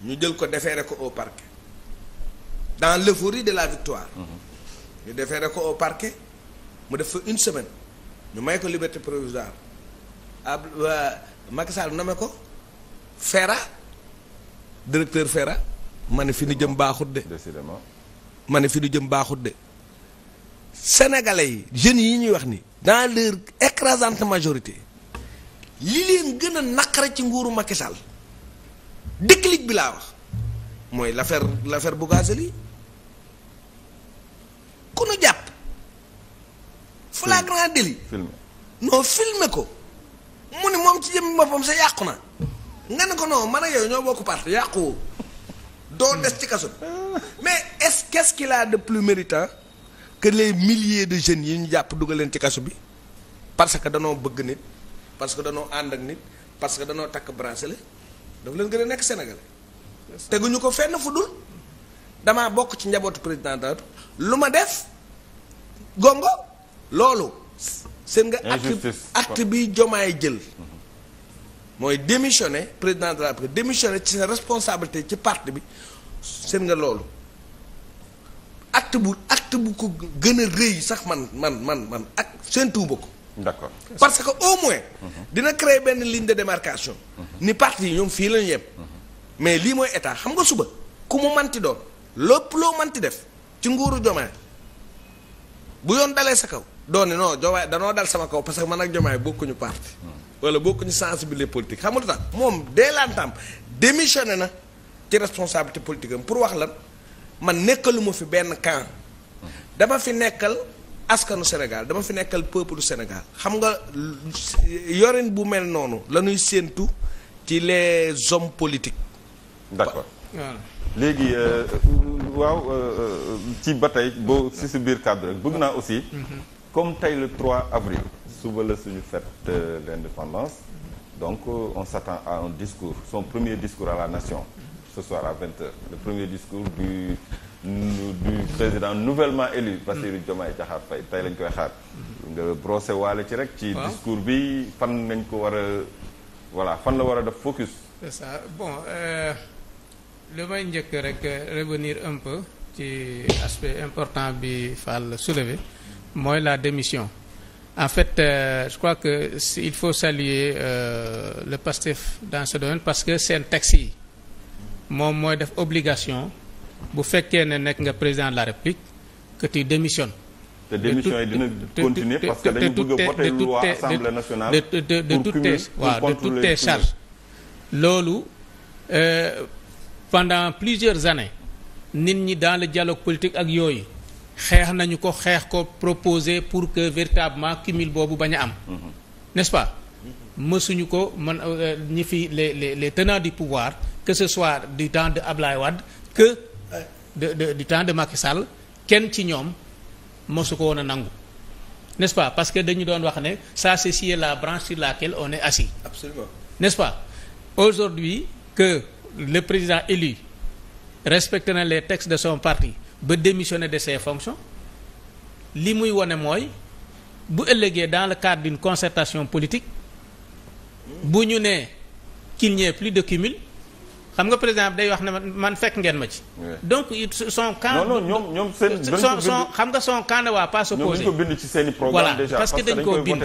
ñu jël ko déféré ko au parquet dans l'euphorie de la victoire. ñu defeere ko au parquet mu def fa une semaine ñu may ko liberté provisoire ab ah, euh, Macky Sall name ko Fera directeur Fera ma ne fi ñu jëm baaxut de. décidément ma ne fi ñu jëm baaxut de sénégalais yi jeunes yi ñuy wax ni. dans leur écrasante majorité li leen gën a naqare ci nguuru Macky Sall déclic bi laa wax. mooy l'affaire l'affaire Bougazelli ku nu jàpp. flagrant délit. filmé non filmé ko. mu ni moom ci jëm boppam sa yàqu na. nga ne ko non man ak yow ñoo bokk parti yàquwoo. doo des ci kaso bi mais est-ce quest de plus méritant que les milliers de jeunes yi ñu jàpp dugal leen ci kaso bi parce que danoo bëgg nit parce que danoo ànd ak nit parce que danoo takk bracelet daf leen gën a nekk Sénégal. teguñu ko fenn fu dul damaa bokk ci njabootu président de lu ma def gongo loolu seen nga acte acte bi jomaay jël mooy démissionné président de la République démissionné ci sa responsabilité ci parti bi seen nga loolu acte bu acte bu ko gën a rëy sax man man man man ak seen tuuba ko parce que au moins dina créer benn ligne de démarcation ni parti yi ñoom fii lañu yem mais lii mooy état xam nga suba ku mu manti doon lopp loo manti def ci nguuru jomaay bu yoon dalee sa kaw doon ne non jomaay danoo dal sama kaw parce que man ak jomaay bokkuñu parti wala bokkuñu sensibilité politique xam nga lu tax moom dès l'entame démissionné na ci responsabilité am pour wax lan man nekkaluma fi benn camp dama fi nekkal askanu Sénégal dama fi nekkal peuple du Sénégal xam nga yorin bu mel noonu la ñuy séentu ci les hommes politiques d'accord voilà. léegi euh, waaw euh, euh, ci ba tey boo si si biir cadre bëgg naa aussi. Mhm. comme tey le trois avril. suba la suñu fête l'indépendance. donc on s'attend à un discours son premier discours à la nation. ce soir à 20h le premier discours du du président nouvellement élu. Bassirou mhm. Diomaye Diakhar Faye tey lañ koy xaar. Mhm. nga brosser waale ci rek. ci discours bi fan nañ ko war a voilà fan la war a def focus. bon. lu may njëkk rek euh, revenir un peu ci aspect important bi Fall soulevé mooy la démission en fait euh, je crois que il faut saluer euh, le PASTEF dans ce domaine parce que seen texte yi moom mooy def obligation bu fekkee ne nekk nga président de la République démission tu démissionnes. te démission yi dina continuer parce que dañu bëgg a voter loi Assemblée nationale. de de de toutes tes waaw de toutes tes charges loolu. Euh, pendant plusieurs années nit ñi dans le dialogue politique ak yooyu xeex nañu ko xeex ko proposer pour que véritablement cumul boobu bañ am mm-hmm. n'est-ce pas mësuñu ko man euh, ñi fi les les les tenants du pouvoir que ce soit du temps de Ablaye Wade que euh, de, de du temps de Macky Sall kenn ci ñoom mësu ko woon a nangu n'est-ce pas parce que dañu doon wax ne ça c'est la branche sur laquelle on est assis absolument pas aujourd'hui que le président élu respecte na les textes de son parti ba démissionner de ses fonctions li muy wane mooy bu ëllëgee dans le cadre d'une concertation politique bu ñu nee qu'il plus de cumul xam nga président day wax ne man fekk ngeen ma ci. donc son camp. ñoom ñoom son son xam nga son camp ne waa seen i programme déjà parce que dañ koo bind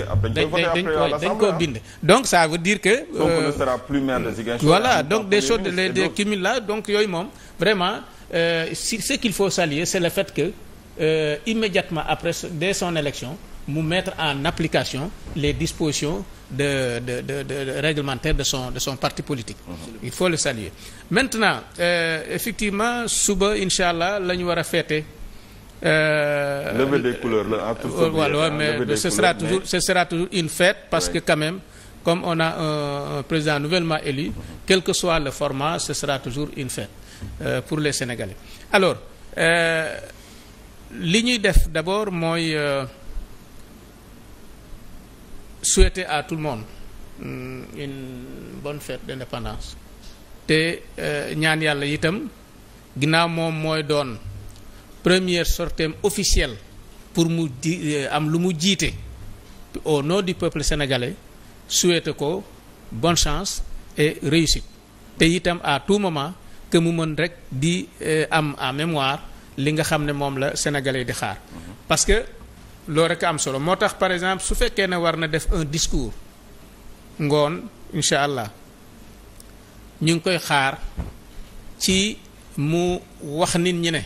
dañ koo bind. donc ça veut dire que. donc ne euh, sera de Ziguinchor. voilà donc des choses les des cumuls yooyu moom vraiment euh, si ce qu'il faut saluer c'est le fait que euh, immédiatement après dès son élection. mu mettre en application les dispositions de de de de réglementaires de son de son parti politique. Mhm. il faut le saluer. maintenant euh, effectivement suba incha allah la ñu war a fêter. Euh, levée des couleurs là entre. Euh, voilà mais ce sera toujours ce sera toujours une fête parce que quand même. comme on a un, président nouvellement élu quel que soit le format ce sera toujours une fête pour les Sénégalais alors li ñuy def d'abord mooy souhaiter à tout le monde mm, une bonne fête d'indépendance te euh, ñaan yàlla itam ginnaaw moom mooy doon première sortie officielle pour mu di euh, am lu mu jiite au non du peuple sénégalais souhaiter ko bonne chance et réussite te itam à tout moment que mu mën rek di euh, am en mémoire li nga xam ne moom la sénégalais di xaar mhm. parce loolu rekk am solo moo tax par exemple su fekkee ne war na def un discours ngoon incha allah ñu ngi koy xaar ci mu wax nit ñi ne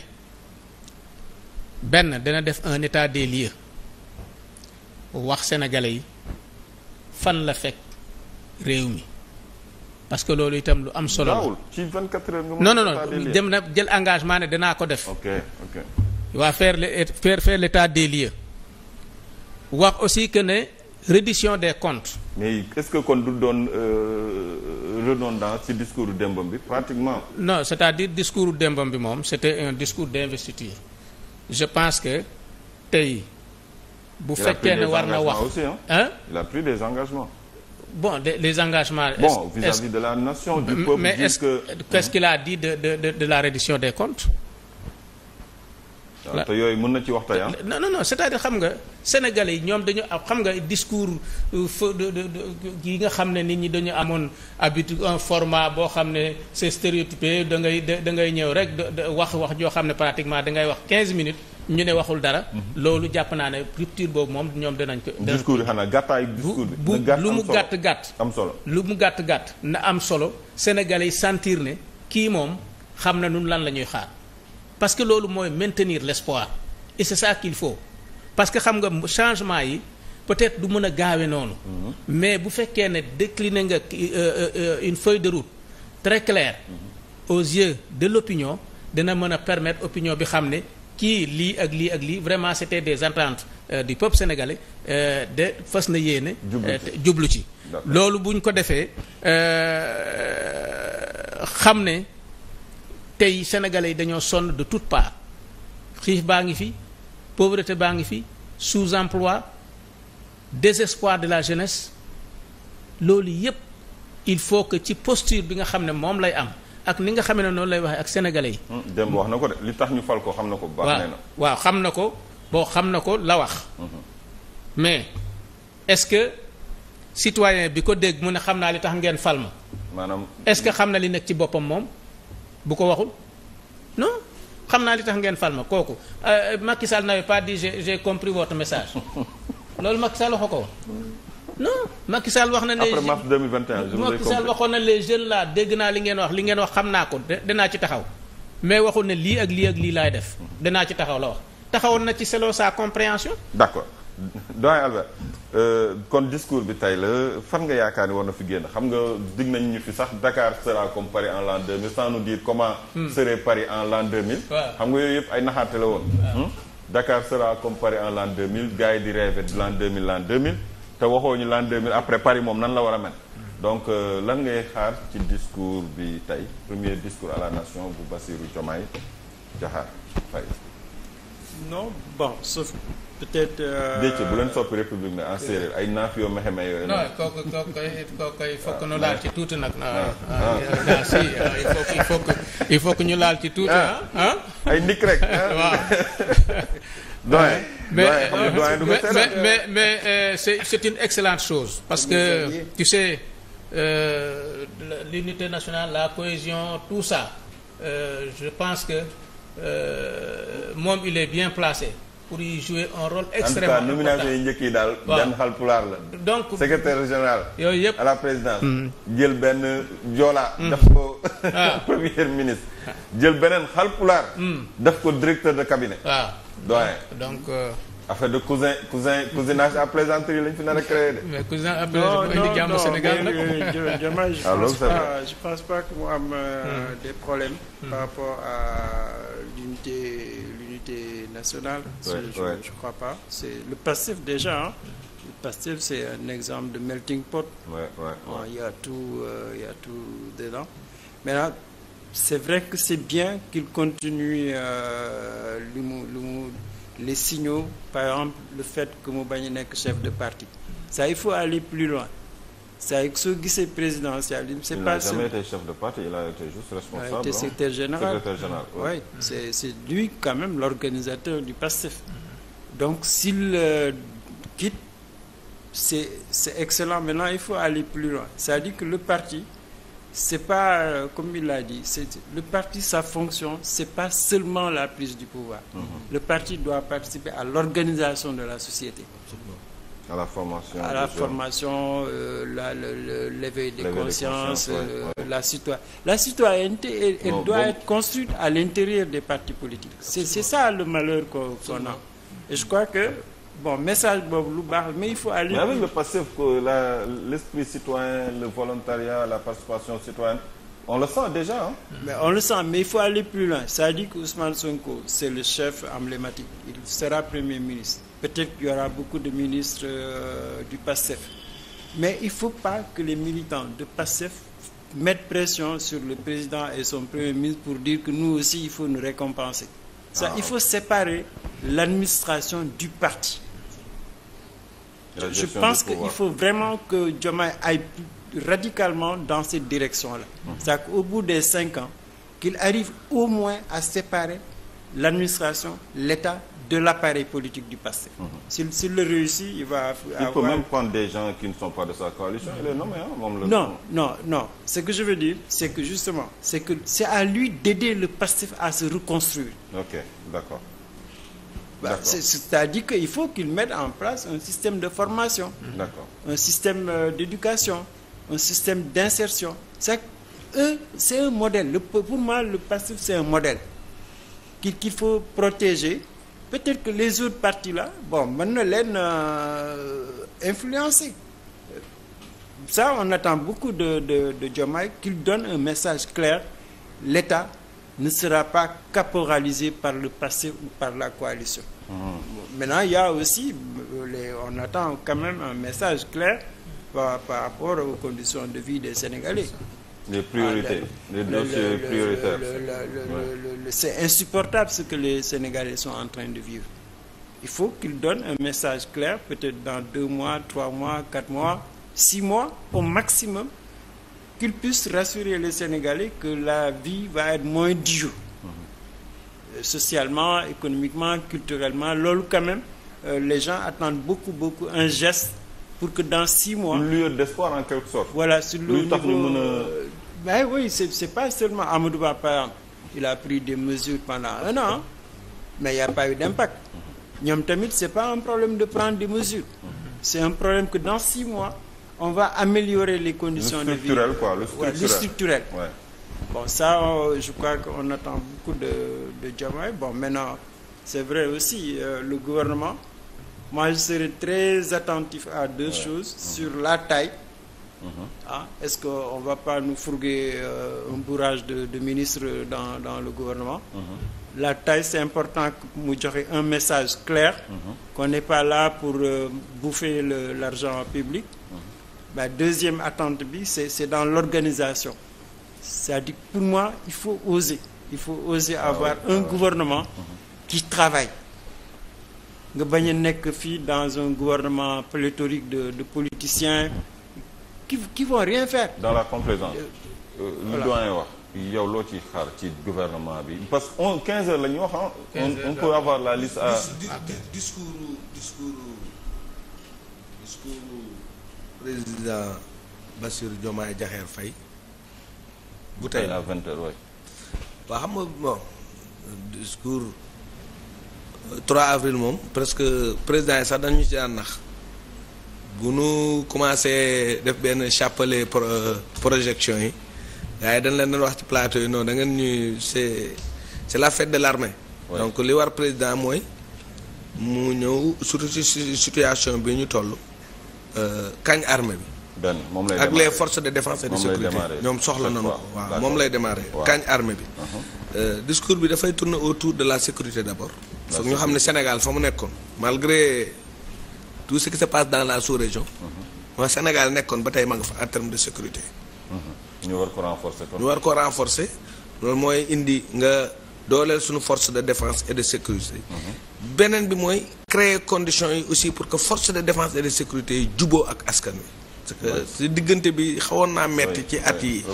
benn dana def un état des lieux wax sénégalais yi fan la fekk réew mi parce que loolu itam lu am solo non non non dem na jël engagement ne danaa ko def ok ok waa faire faire faire l'état des lieux wax aussi que ne reddition des comptes. mais est-ce que kon du doon euh, redondant ci discours démbam bi pratiquement. non c'est-à-dire discours démbam bi moom c'était un discours d'investiture je pense que tey. bu fekkee ne war na wax hein il a pris des engagements. bon des, les engagements. bon vis à de la nation. du peuple mais est-ce que qu'est-ce qu'il a dit de de de de la reddition des comptes. waaw te yooyu mën na ci waxtaan ah. non non non c'est-à-dire xam nga sénégalais yi ñoom dañu xam nga discours euh, yi nga xam ne nit ñi dañu amoon habitude un format boo xam ne c'est stéréotypé da ngay da ngay ñëw rek wax wax joo xam ne pratiquement da ngay wax 15 minutes ñu ne waxul dara. Mhm. loolu jàpp naa ne rupture boobu moom ñoom danañ ko. discours yi xanaa gàttaay discours bi. lu mu gàtt gàtt. am solo lu mu gàtt gàtt. na am solo sénégalais yi sentir ne kii moom xam na nun lan la ñuy xaar. parce que loolu mooy maintenir l'espoir et c'est ça qu'il faut parce que xam nga changement yi peut-être du mën a gaawe noonu mm-hmm. mais bu fekkee ne décline nga euh, euh, euh, une feuille de route très claire mm-hmm. aux yeux de l'opinion dana mën a permettre opinion bi xam ne kii lii ak lii ak lii vraiment c'était des ententes euh, du peuple sénégalais euh, de fas na yéene jublu ci loolu bu ko defee xam ne tey sénégalais yi dañoo sonn de toutes parts xiif baa ngi fi pauvreté baa ngi fi sous-emploi désespoir de la jeunesse loolu yépp il faut que ci posture bi nga xam ne moom lay am ak ni nga xamee ne noonu lay waxee ak sénégalais yi. Hmm, démb wax na ko de li tax ñu fal ko xam na ko. baax na waaw xam na ko boo xam na ko la wax. Hmm, hmm. mais est-ce que citoyen bi ko dégg mu ne xam naa li tax ngeen fal ma. maanaam est que xam na li nekk ci boppam moom. bu ko waxul non xam naa li tax ngeen fal ma kooku euh, Macky Sall n'avait pas dit j'ai j'ai compris votre message loolu Macky Sall waxu ko woon non Macky wax na. après mars 2021 waxoon na les jeunes là dégg naa li ngeen wax li ngeen wax xam naa ko danaa ci taxaw mais waxul na lii ak lii ak lii laay def danaa ci taxaw la wax taxawoon na ci selon sa compréhension. d'accord. doyen Albert euh, kon discours bi tey la fan nga yaakaar ni war na fi génn xam nga dig nañ ñu fi sax dakaar sera comme Paris en l'an 2000 sans nous dire comment hmm. serait Paris en l'an 2000 xam nga yooyu yëpp ay naxaate la woon hmm? dakaar sera comme Paris en l'an 2000 gars yi di rêver de l'an 2000 l'an 2000 te waxoo ñu l'an 2000 après Paris moom nan la war a mel donc euh, lan ngay xaar ci discours bi tey premier discours à la nation bu Bassirou Diomaye Diakhar Faye non peut-être. Euh, bu leen soppi république na en séeréer ay naaf yoo mexe ma yooyu. non kooku kooku kooku fokk ah, laal ah. ci tuuti nag. ah ah, ah si il faut que il faut que ñu laal ci tuuti ah. ay ndik rek. <laughs> waaw. <laughs> doyen mais mais euh, mais euh, c'est une excellente chose. parce que tu sais l'unité nationale la cohésion tout ça je pense que moom il est bien placé. pour y jouer un rôle extrêmement important en tout cas nomination daal. waaw benn la. donc secrétaire régional. yooyu yëpp à la président hmm. jël benn Joola. Hmm. daf ko <laughs> ah. <laughs> premier ministre. jël beneen xal pulaar. Hmm. daf ko directeur de cabinet. waaw ah. doyen donc. Euh, affaire de cousin cousin cousinage à plaisanterie lañ fi <laughs> mais cousin à plaisanterie indi jàmm Sénégal nag. non non Diomaye euh, je ah, pense pas je pense pas que mu am euh, des problèmes. par à l'unité l'unité nationale. je ne ouais. crois C'est le passif déjà. Hein. Le passif, c'est un exemple de melting port Ouais, il y a tout, euh, il Mais c'est vrai que c'est bien qu'il continue euh, les signaux. Par exemple, le fait que Moubani n'est que chef de parti. Ça, il faut aller plus loin. saa yu soo gisee présidentialisme c'est pas. il n'a jamais été chef de parti il a été juste responsable. il a été général c'est lui quand même l'organisateur du PASTEF. donc s'il euh, quitte c'est c'est excellent maintenant il faut aller plus loin cest le parti c'est pas euh, comme il l'a dit le parti sa fonction c'est pas seulement la prise du pouvoir. Mhm. le parti doit participer à l'organisation de la société. à la formation, à la formation euh, l'éveil des consciences, euh, la citoyenneté. La citoyenneté, elle, doit être construite à l'intérieur des partis politiques. C'est ça le malheur qu'on a. Et je crois que bon message boobu lu baax mais il faut aller. le passif la l'esprit citoyen le volontariat la participation citoyenne on le sent déjà mais il faut aller plus loin c'est-à-dire que Ousmane Sonko c'est le chef emblématique il sera premier ministre peut-être qu'il y aura beaucoup de ministres euh, du PASTEF. Mais il ne faut pas que les militants de PASTEF mettent pression sur le président et son premier ministre pour dire que nous aussi, il faut nous récompenser. Ça, ah, il faut séparer l'administration du parti. Je pense qu'il faut vraiment que Diomaye aille radicalement dans cette direction-là. Mmh. C'est-à-dire qu'au bout des cinq ans, qu'il arrive au moins à séparer l'administration, l'État de l'appareil politique du passé. Mhm. S'il le réussit, il va même prendre des gens qui ne sont pas de sa coalition et les nommer, hein, le... Non, Ce que je veux dire, c'est que justement, c'est que c'est à lui d'aider le passif à se reconstruire. C'est-à-dire qu'il faut qu'il mette en place un système de formation, mhm. un système euh, d'éducation, un système d'insertion. C'est un modèle. Le, pour moi, le passif, c'est un modèle qu'il faut protéger peut-être que les autres partis là bon mën na leen euh, influencer ça on attend beaucoup de de de Diomaye qu'il donne un message clair l'État ne sera pas caporalisé par le passé ou par la coalition. Mmh. Maintenant, il y a aussi les, on attend quand même un message clair par, par rapport aux conditions de vie des Sénégalais. les priorités, ah, le, les dossiers C'est insupportable ce que les Sénégalais sont en train de vivre. Il faut qu'ils donnent un message clair, peut-être dans deux mois, trois mois, quatre mois, six mois au maximum, qu'ils puissent rassurer les Sénégalais que la vie va être moins dure. Mm-hmm. Euh, socialement, économiquement, culturellement, lol quand même, euh, les gens attendent beaucoup, beaucoup un geste pour que dans six mois. lueur d'espoir en quelque sorte. voilà sur le niveau mais euh, oui c'est pas seulement Amadou Ba par exemple il a pris des mesures pendant un an mais il y a pas eu d'impact ñoom tamit c'est pas un problème de prendre des mesures c'est un problème que dans six mois on va améliorer les conditions le de vie structurel quoi le structurel, on, je crois qu'on attend beaucoup de de c'est vrai aussi euh, le gouvernement moi je serai très attentif à deux ouais. choses mhm. sur la taille mhm. ah est-ce que on va pas nous fourguer euh, un bourrage de de ministres dans dans le gouvernement mhm. la taille c'est important mu joxe un message clair qu'on n'est pas là pour euh, bouffer le l'argent public ba deuxième attente bi c'est c'est dans l'organisation c'est-à-dire pour moi faut oser il faut oser ah avoir un ah gouvernement qui travaille nga bañ nekk fii dans un gouvernement pléthorique de de politiciens qui qui vont rien faire. dans la complaisance. Euh, euh, lu doyen wax yow loo ci xaar ci gouvernement bi parce que on quinze heures la ñu wax on peut avoir la liste à. discours discours président Bassirou Diomaye Diakhar Faye. bu tey à 20 heures waaw xam nga discours. trois avril moom presque président yi sax dañu ci daan nax bu nu commencé def benn chapelet projection yi gars yi dañ leen wax ci plateau yi noonu da ngeen ñuy c'est c'est la fête de l'armée donc li war président mooy mu ñëw surtout ci situation bi ñu toll euh, kañ armée bi benn moom lay ak les forces de défense et de sécurité ñoom soxla nañu ko waaw moom lay démarrer kañ armée bi uh-huh. euh, discours bi dafay tourner autour de la sécurité d'abord foog ñoo xam ne Sénégal fa mu nekkoon malgré tout ce qui se passe dans la sous-région. mooy mhm. Sénégal nekkoon ba tey ma nga fa en terme de sécurité. Mhm. ñu war ko renforcer war ko loolu mooy indi nga dooleel suñu force de défense et de sécurité. Mhm. beneen bi mooy créer conditions yi aussi pour que force de défense et de sécurité yi juboo ak askan wi. parce si diggante bi xawoon naa metti ci at yi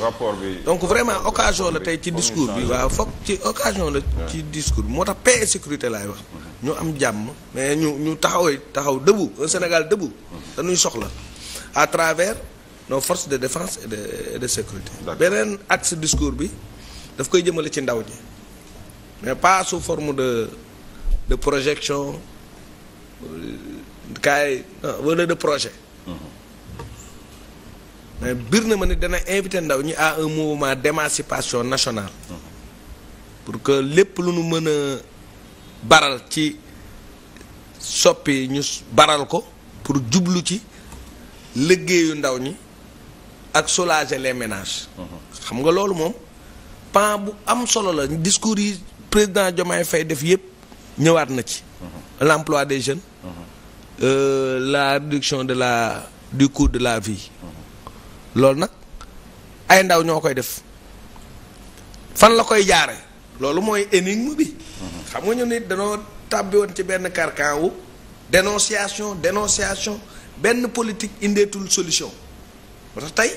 donc vraiment occasion la tey ci discours bi waaw foog ci occasion la ci discours bi moo tax paix sécurité laay wax ñu am jàmm mais ñu ñu taxawee taxaw debout un Sénégal debout dañuy mhm. soxla à travers nos force de défense et de de sécurité beneen axe discours bi daf koy jëmale ci ndaw ñi mais pas sous forme de de projection kaay euh, wala de projet mhm. mais bir na ma ne dana invité ndaw ñi à un mouvement d'émancipation nationale pour que lépp lu nu mën a baral ci soppi ñu baral ko pour jublu ci liggéeyu ndaw ñi ak soulager les ménages xam nga loolu moom pan bu am solo la discours yi président Diomaye Faye def yëpp ñëwaat na ci l'emploi des jeunes euh, la réduction de la du coût de la vie loolu nag ay ndaw ñoo koy def fan la koy jaare loolu mooy énigme bi xam nga ñu nit danoo tàbbi woon ci benn carcan wu dénonciation dénonciation benn politique indeetul solution moo tax tey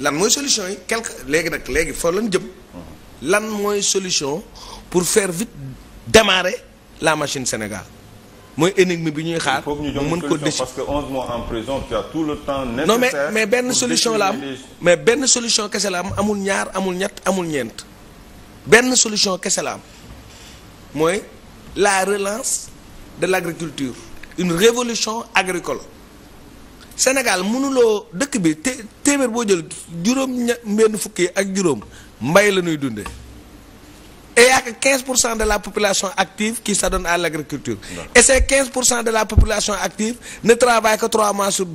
lan mooy solution yi quelque léegi nag léegi foo lan jëm mhm. lan mooy solution pour fair vite démarrer la machine Sénégal mooy énigme bi ñuy xaar. mu mën ko déci parce que 11 mois en prison tu as tout le temps nécessaire mais mais benn solution la am mais benn solution kese la am amul ñaar amul ñett amul ñeent benn solution kese la am mooy la relance de l' agriculture une révolution agricole Sénégal mënuloo dëkk bi té téeméer boo jël juróom ña benn fukki ak juróom mbay la ñuy dundee. que pour cent de la population active qui s'adonne à l'agriculture et ces 15 pour cent de la population active ne travaille que 3 mois sur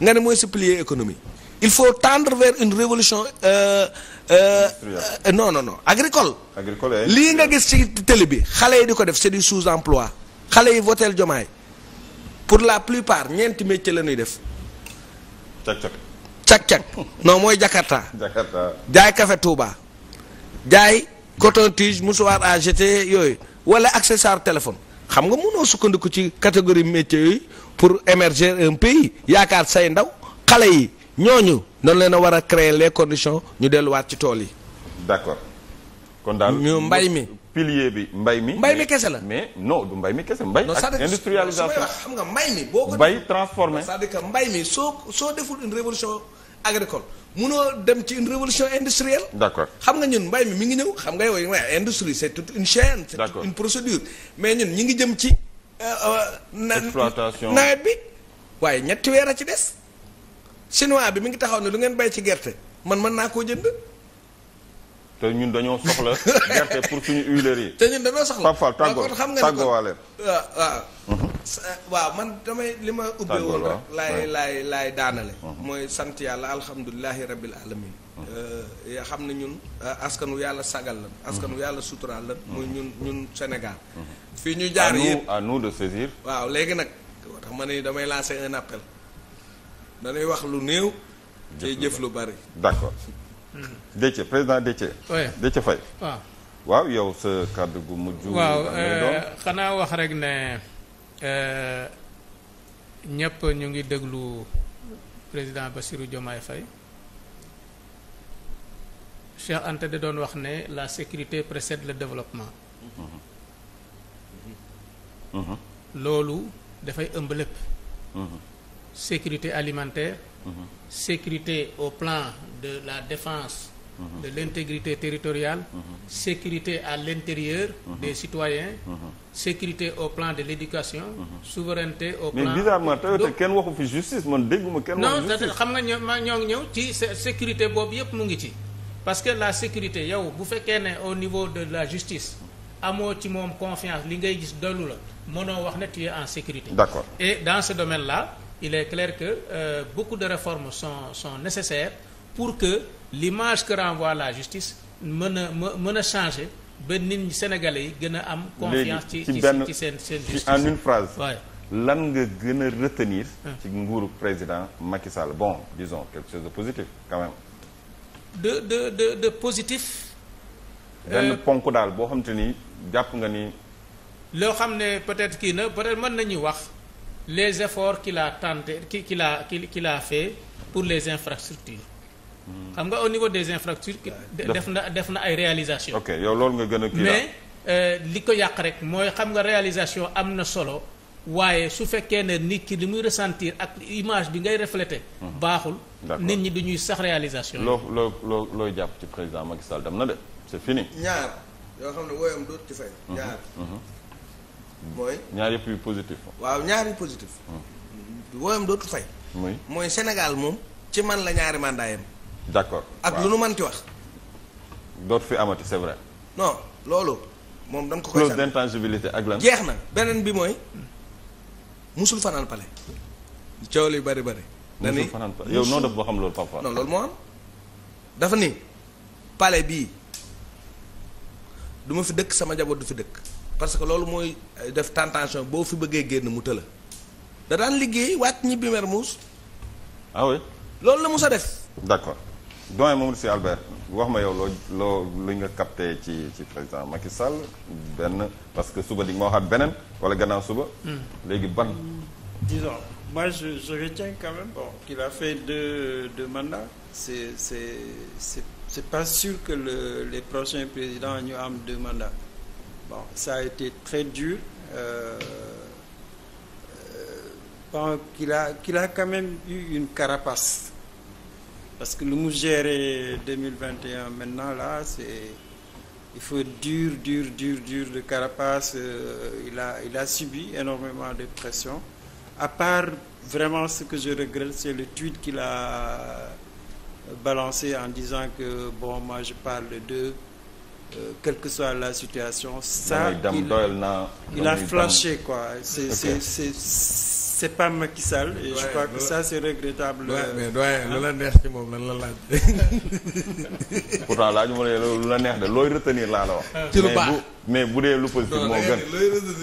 nga ne mooy sa pilier économie il faut tendre vers une révolution euh, no euh, agricole lii nga gis ci télé bi xale yi di ko def c'est du sous-emploi xale yi voteel jomaay pour la plupart ñeenti métier la ñuy def cag-cag cag-cag mooy Jakarta jaay café Touba coton tige mouchoir à jeter yooyu wala accessoire téléphone xam nga mënoo sukkandiku ci categorie métier yi pour émerger un pays yaakaar say ndaw xale yi ñooñu noonu leen a war a créer les conditions ñu delluwaat ci tool yi. d'accord kon mbay mi. pilier bi mbay mi mbay mi kese la mais non du mbay mi kese mbay ak industrialisation xam nga mbay mi boo ko mbay transformé mbay mi soo soo deful une révolution agricole munoo dem ci une révolution industrielle. d'accord xam nga ñun mbay mi mi ngi ñëw xam nga yow waaye industrie c'est toute une chaîne. c'est toute une procédure mais ñun ñi ngi jëm ci. Euh, euh, exploitation nawet bi. waaye ñetti weer a ci des. chinois bi mi ngi taxaw ne lu ngeen bay ci gerte man mën naa koo jënd. te ñun dañoo soxla <laughs> gerte pour suñu huileries yi. te ñun dañoo soxla Pape Fall tàggoo tàggoo waale waaw waaw. Mhm. Eh, waaw man damay li ma ubbee woon rek laay laay daanale mhm. mooy sant yàlla alhamdulilahi rabbil alamin mhm. eh, yaa xam ne ñun eh, askanu yàlla sagal la mhm. askanu yàlla sutural la muy ñun ñun Sénégal fii ñu jaar yëpp de saisir waaw léegi nag tax ma ne damay lancer un appel dañuy wax lu néew tey jëf lu bari d'accord Déthié président Déthié Déthié waaw yow sa kàddu gu mujj waaw xanaa wax rek ne Euh, ñëpp ñu ngi déglu président Bassirou Diomaye fay Cheikh ante de doon wax ne la sécurité précède le développement loolu dafay ëmb lépp sécurité alimentaire sécurité au plan de la défense de l'intégrité territoriale, sécurité à l'intérieur des citoyens, sécurité au plan de l'éducation, souveraineté au plan. mais bizarrement tey kenn waxu fi justice man dégguma kenn waxu justice xam nga ñoo ñoo ñëw ci sécurité boobu yëpp mu ngi ci. parce que la sécurité yow bu fekkee ne au niveau de la justice amoo ci moom confiance li ngay gis doylu la mënoo wax ne tu es en sécurité. d'accord et dans ce domaine là il est clair que euh, beaucoup de réformes sont sont l'image que renvoie la justice mën a mën a changer ba nit ñi sénégalais yi gën a am confiance ci ci seen seen justice en une phrase lan nga gën a retenir ah. ci nguuru président Macky Sall bon disons quelque chose de positif quand de de de de positif euh, benn ponk daal boo xam te ni jàpp nga ni loo xam ne peut-être kii na peut-être mën nañuy wax les efforts qu'il a tenté qu'il a qu'il a fait pour les infrastructures xam nga au niveau des infrastructures def na def na ay réalisation ok yow loolu nga gën a kii mais euh, li ko yàq rek mooy xam nga réalisation am na solo waaye su fekkee ne nit ki li muy ressentir ak image bi ngay reflété mhm. baaxul nit ñi du ñuy sax réalisation loo loo loo jàpp ci président dem na de c'est fini ñaar yoo xam mhm. Mhm. mooy waaw ñaar yu positif wooyam mooy Sénégal moom ci man la ñaari mandat d' accord ak lu nu mënti wax. dootu fi amati c' est loolu moom dañ ko koy. clause ak lan. jeex na beneen bi mooy musul fanaan pale. coow li bari bari. musul fanaan pale yow noo def boo xam loolu papa. non loolu moo dafa ni pale bii duma fi dëkk sama njaboot du fi dëkk parce que loolu mooy euh, def tentation boo fi bëggee génn mu tëla da daan liggéey waat ñibbi mer muus. ah oui. loolu la musa def. d' accord. doyen Mamadou Sy Albert wax ma yow loo loo lu nga capté ci ci président Macky benn parce que suba di nga ma waxaat beneen wala gannaaw suba. Hmm. léegi ban. Hmm. disons moi je retiens quand même qu'il a fait deux deux mandats c'est c'est pas sûr que le les prochains présidents ñu am deux mandats bon ça a été très dur. Euh, euh, qu'il a quand même eu une carapace. parce que lu mu gérer 2021 maintenant là c'est il faut dur dur dur dur de carapace euh, il a il a subi énormément de pression à part vraiment ce que je regrette c'est le tweet qu'il a euh, balancé en disant que bon moi je parle de euh, quelle que soit la situation ça il, il a flashé quoi c'est c'est c'est pas Macky Sall et je crois que ça c'est regrettable. mais doyen lu la neex ci moom lan la laaj. <laughs> pourtant laaj ma ne lu la neex de looy retenir laa la wax. Ah. ci lu mais bu dee lu positif moo gën.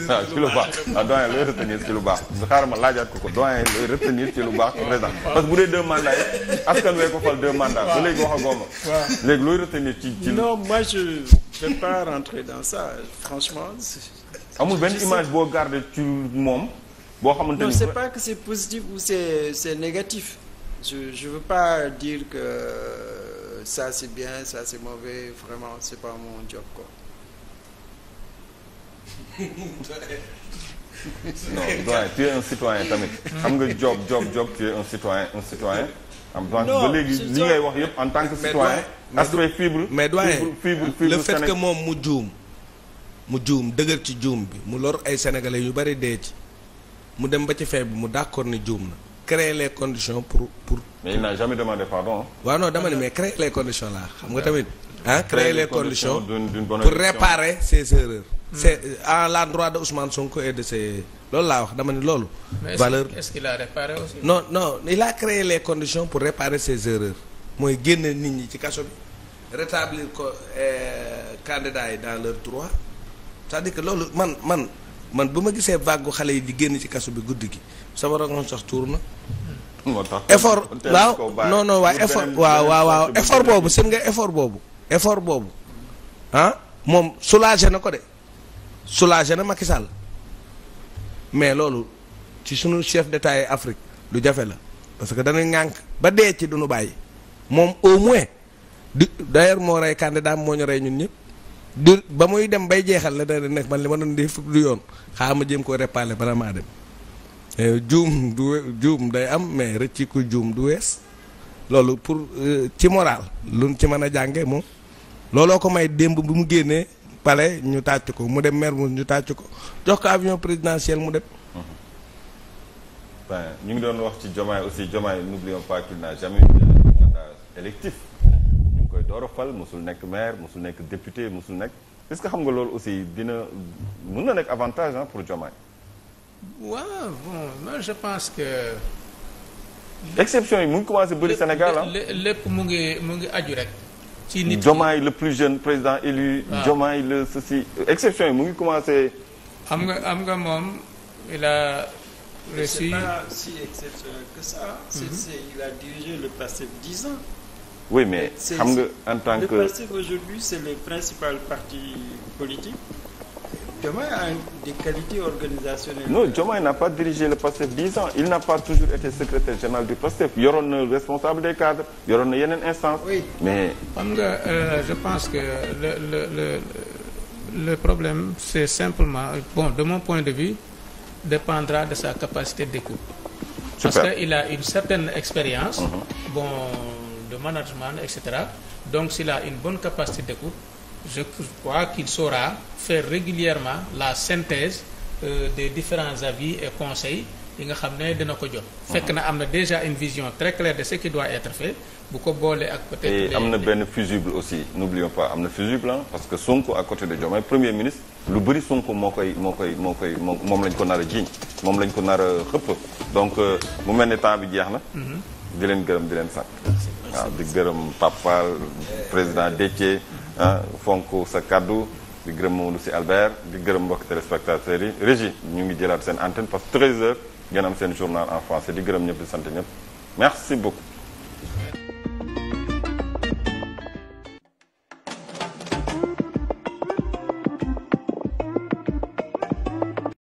waaw ah, ci lu baax ah doyen looy retenir ci lu baax. xaaral ma laajaat ko ko doyen looy retenir ci lu baax président parce que bu dee deux mandats yi askan wee ko fal deux mandats. ba léegi wax a léegi looy retenir ci ci. non moi je ne vais pas rentrer dans ça franchement. amul benn image boo garder ci moom. boo xamante ni non c'est pas que c'est positif ou c'est c'est négatif je je veux pas dire que ça c'est bien ça c'est mauvais vraiment c'est pas mon job quoi. non doyen tu es un citoyen tamit xam nga job job job tu es un citoyen un citoyen. am donc ba léegi li ngay wax yëpp en tant que citoyen aspect fibre mais doyen fibre fibre le fait que moom mu juum mu juum dëgër ci juum bi mu lor ay sénégalais yu bari dee ci. mu dem ba ci fin mu d'accord ni juum na créer les conditions pour pour. mais il n'a jamais demandé pardon. waaw non dama ne mais créer les conditions xam nga tamit. ah créer les conditions pour réparer ses erreurs. c'est à l'endroit de Ousmane Sonko et de ses loolu laa wax dama ne loolu. valeur est-ce qu'il a réparé aussi. créé les conditions pour réparer ses erreurs mooy génne nit ñi ci kaso bi rétablir ko eh, candidat yi dans leur droit cest dire que loolu man man. man bu ma gisee vague xale yi di génn ci kaso bi guddi gi sama rangoon sax tuur na. effort waaw non non waaw effort waaw waaw waaw boobu seen nga effort boobu effort boobu ah moom soulagé na ko de soulagé na Macky Sall mais loolu ci sunu chef d'état yi Afrique lu jafe la parce que dañuy ŋànk ba dee ci duñu bàyyi moom au moins di d'ailleurs moo rey candidat moo ñu rey ñun ñëpp du ba muy dem bay jeexal la da nekk man li ma doon def du yoon xaaral ma jéem koo réparé bala maa dem eh, juum du juum day am mais rëcc ko juum du wees loolu pour euh, ci moral luñ ci mën a jànge moom looloo ko may démb bu mu génnee palais ñu tàcc ko mu dem Mermoz ñu tàcc ko jox ko avion présidentiel mu dem. ñu ngi doon wax ci Diomaye aussi Diomaye n'oublions pas qu'il n'a jamais eu de mandat électif. war a fal mosul nekk maire mosul nekk député mosul nekk est-ce que xam nga loolu aussi dina mën na nekk avantage ah pour Diomaye. waaw je pense que. exception yi mu ngi commencé bëri Sénégal lépp mu ngi mu ngi aju rek. ci nit Diomaye le plus jeune président élu. waaw ah. Diomaye le ceci exception yi mu ngi commencé. xam nga xam nga moom il a. reçu si exceptionnel que ça. Mhm. c'est il a dirigé le passé dix ans. oui mais xam nga en tant le que. le Pastef aujourd'hui c'est les principales partis politiques. Diomaye a des qualités organisationnelles. non Diomaye n'a pas dirigé le Pastef dix ans il n'a pas toujours été secrétaire général du Pastef yoroon na responsable des cadres yoroon na yeneen instance mais. xam nga euh, je pense que le le le le problème c'est simplement bon de mon point de vue dépendra de sa capacité d'écoute. Super. parce que a une certaine expérience. Mhm. de management, etc. Donc s'il a une bonne capacité d'écoute, je crois qu'il saura faire régulièrement la synthèse euh, des différents avis et conseils yi nga xam ne dina ko jot. fekk na am na déjà une vision très claire de ce qui doit être fait bu ko boolee ak. peut-être am na benn fusible aussi n'oublions pas am na fusible ah parce que Sonko à côté de Diomaye premier ministre lu bëri Sonko moo koy moo koy moo koy moom lañ ko nar a jiiñ moom lañ ko nar xëpp donc euh, mu mel ne temps bi jeex na. Mm-hmm. di leen gërëm di leen sant waaw di gërëm Pape Fall président Déthié ah, fonk sa kaddu di gërëm Mamadou Sy Albert di gërëm mbokk téléspectateurs yi régie ñu ngi jëlaat seen antenne parce que 13 heures ngeen am seen journal en français di gërëm ñëpp di sant ñëpp merci beaucoup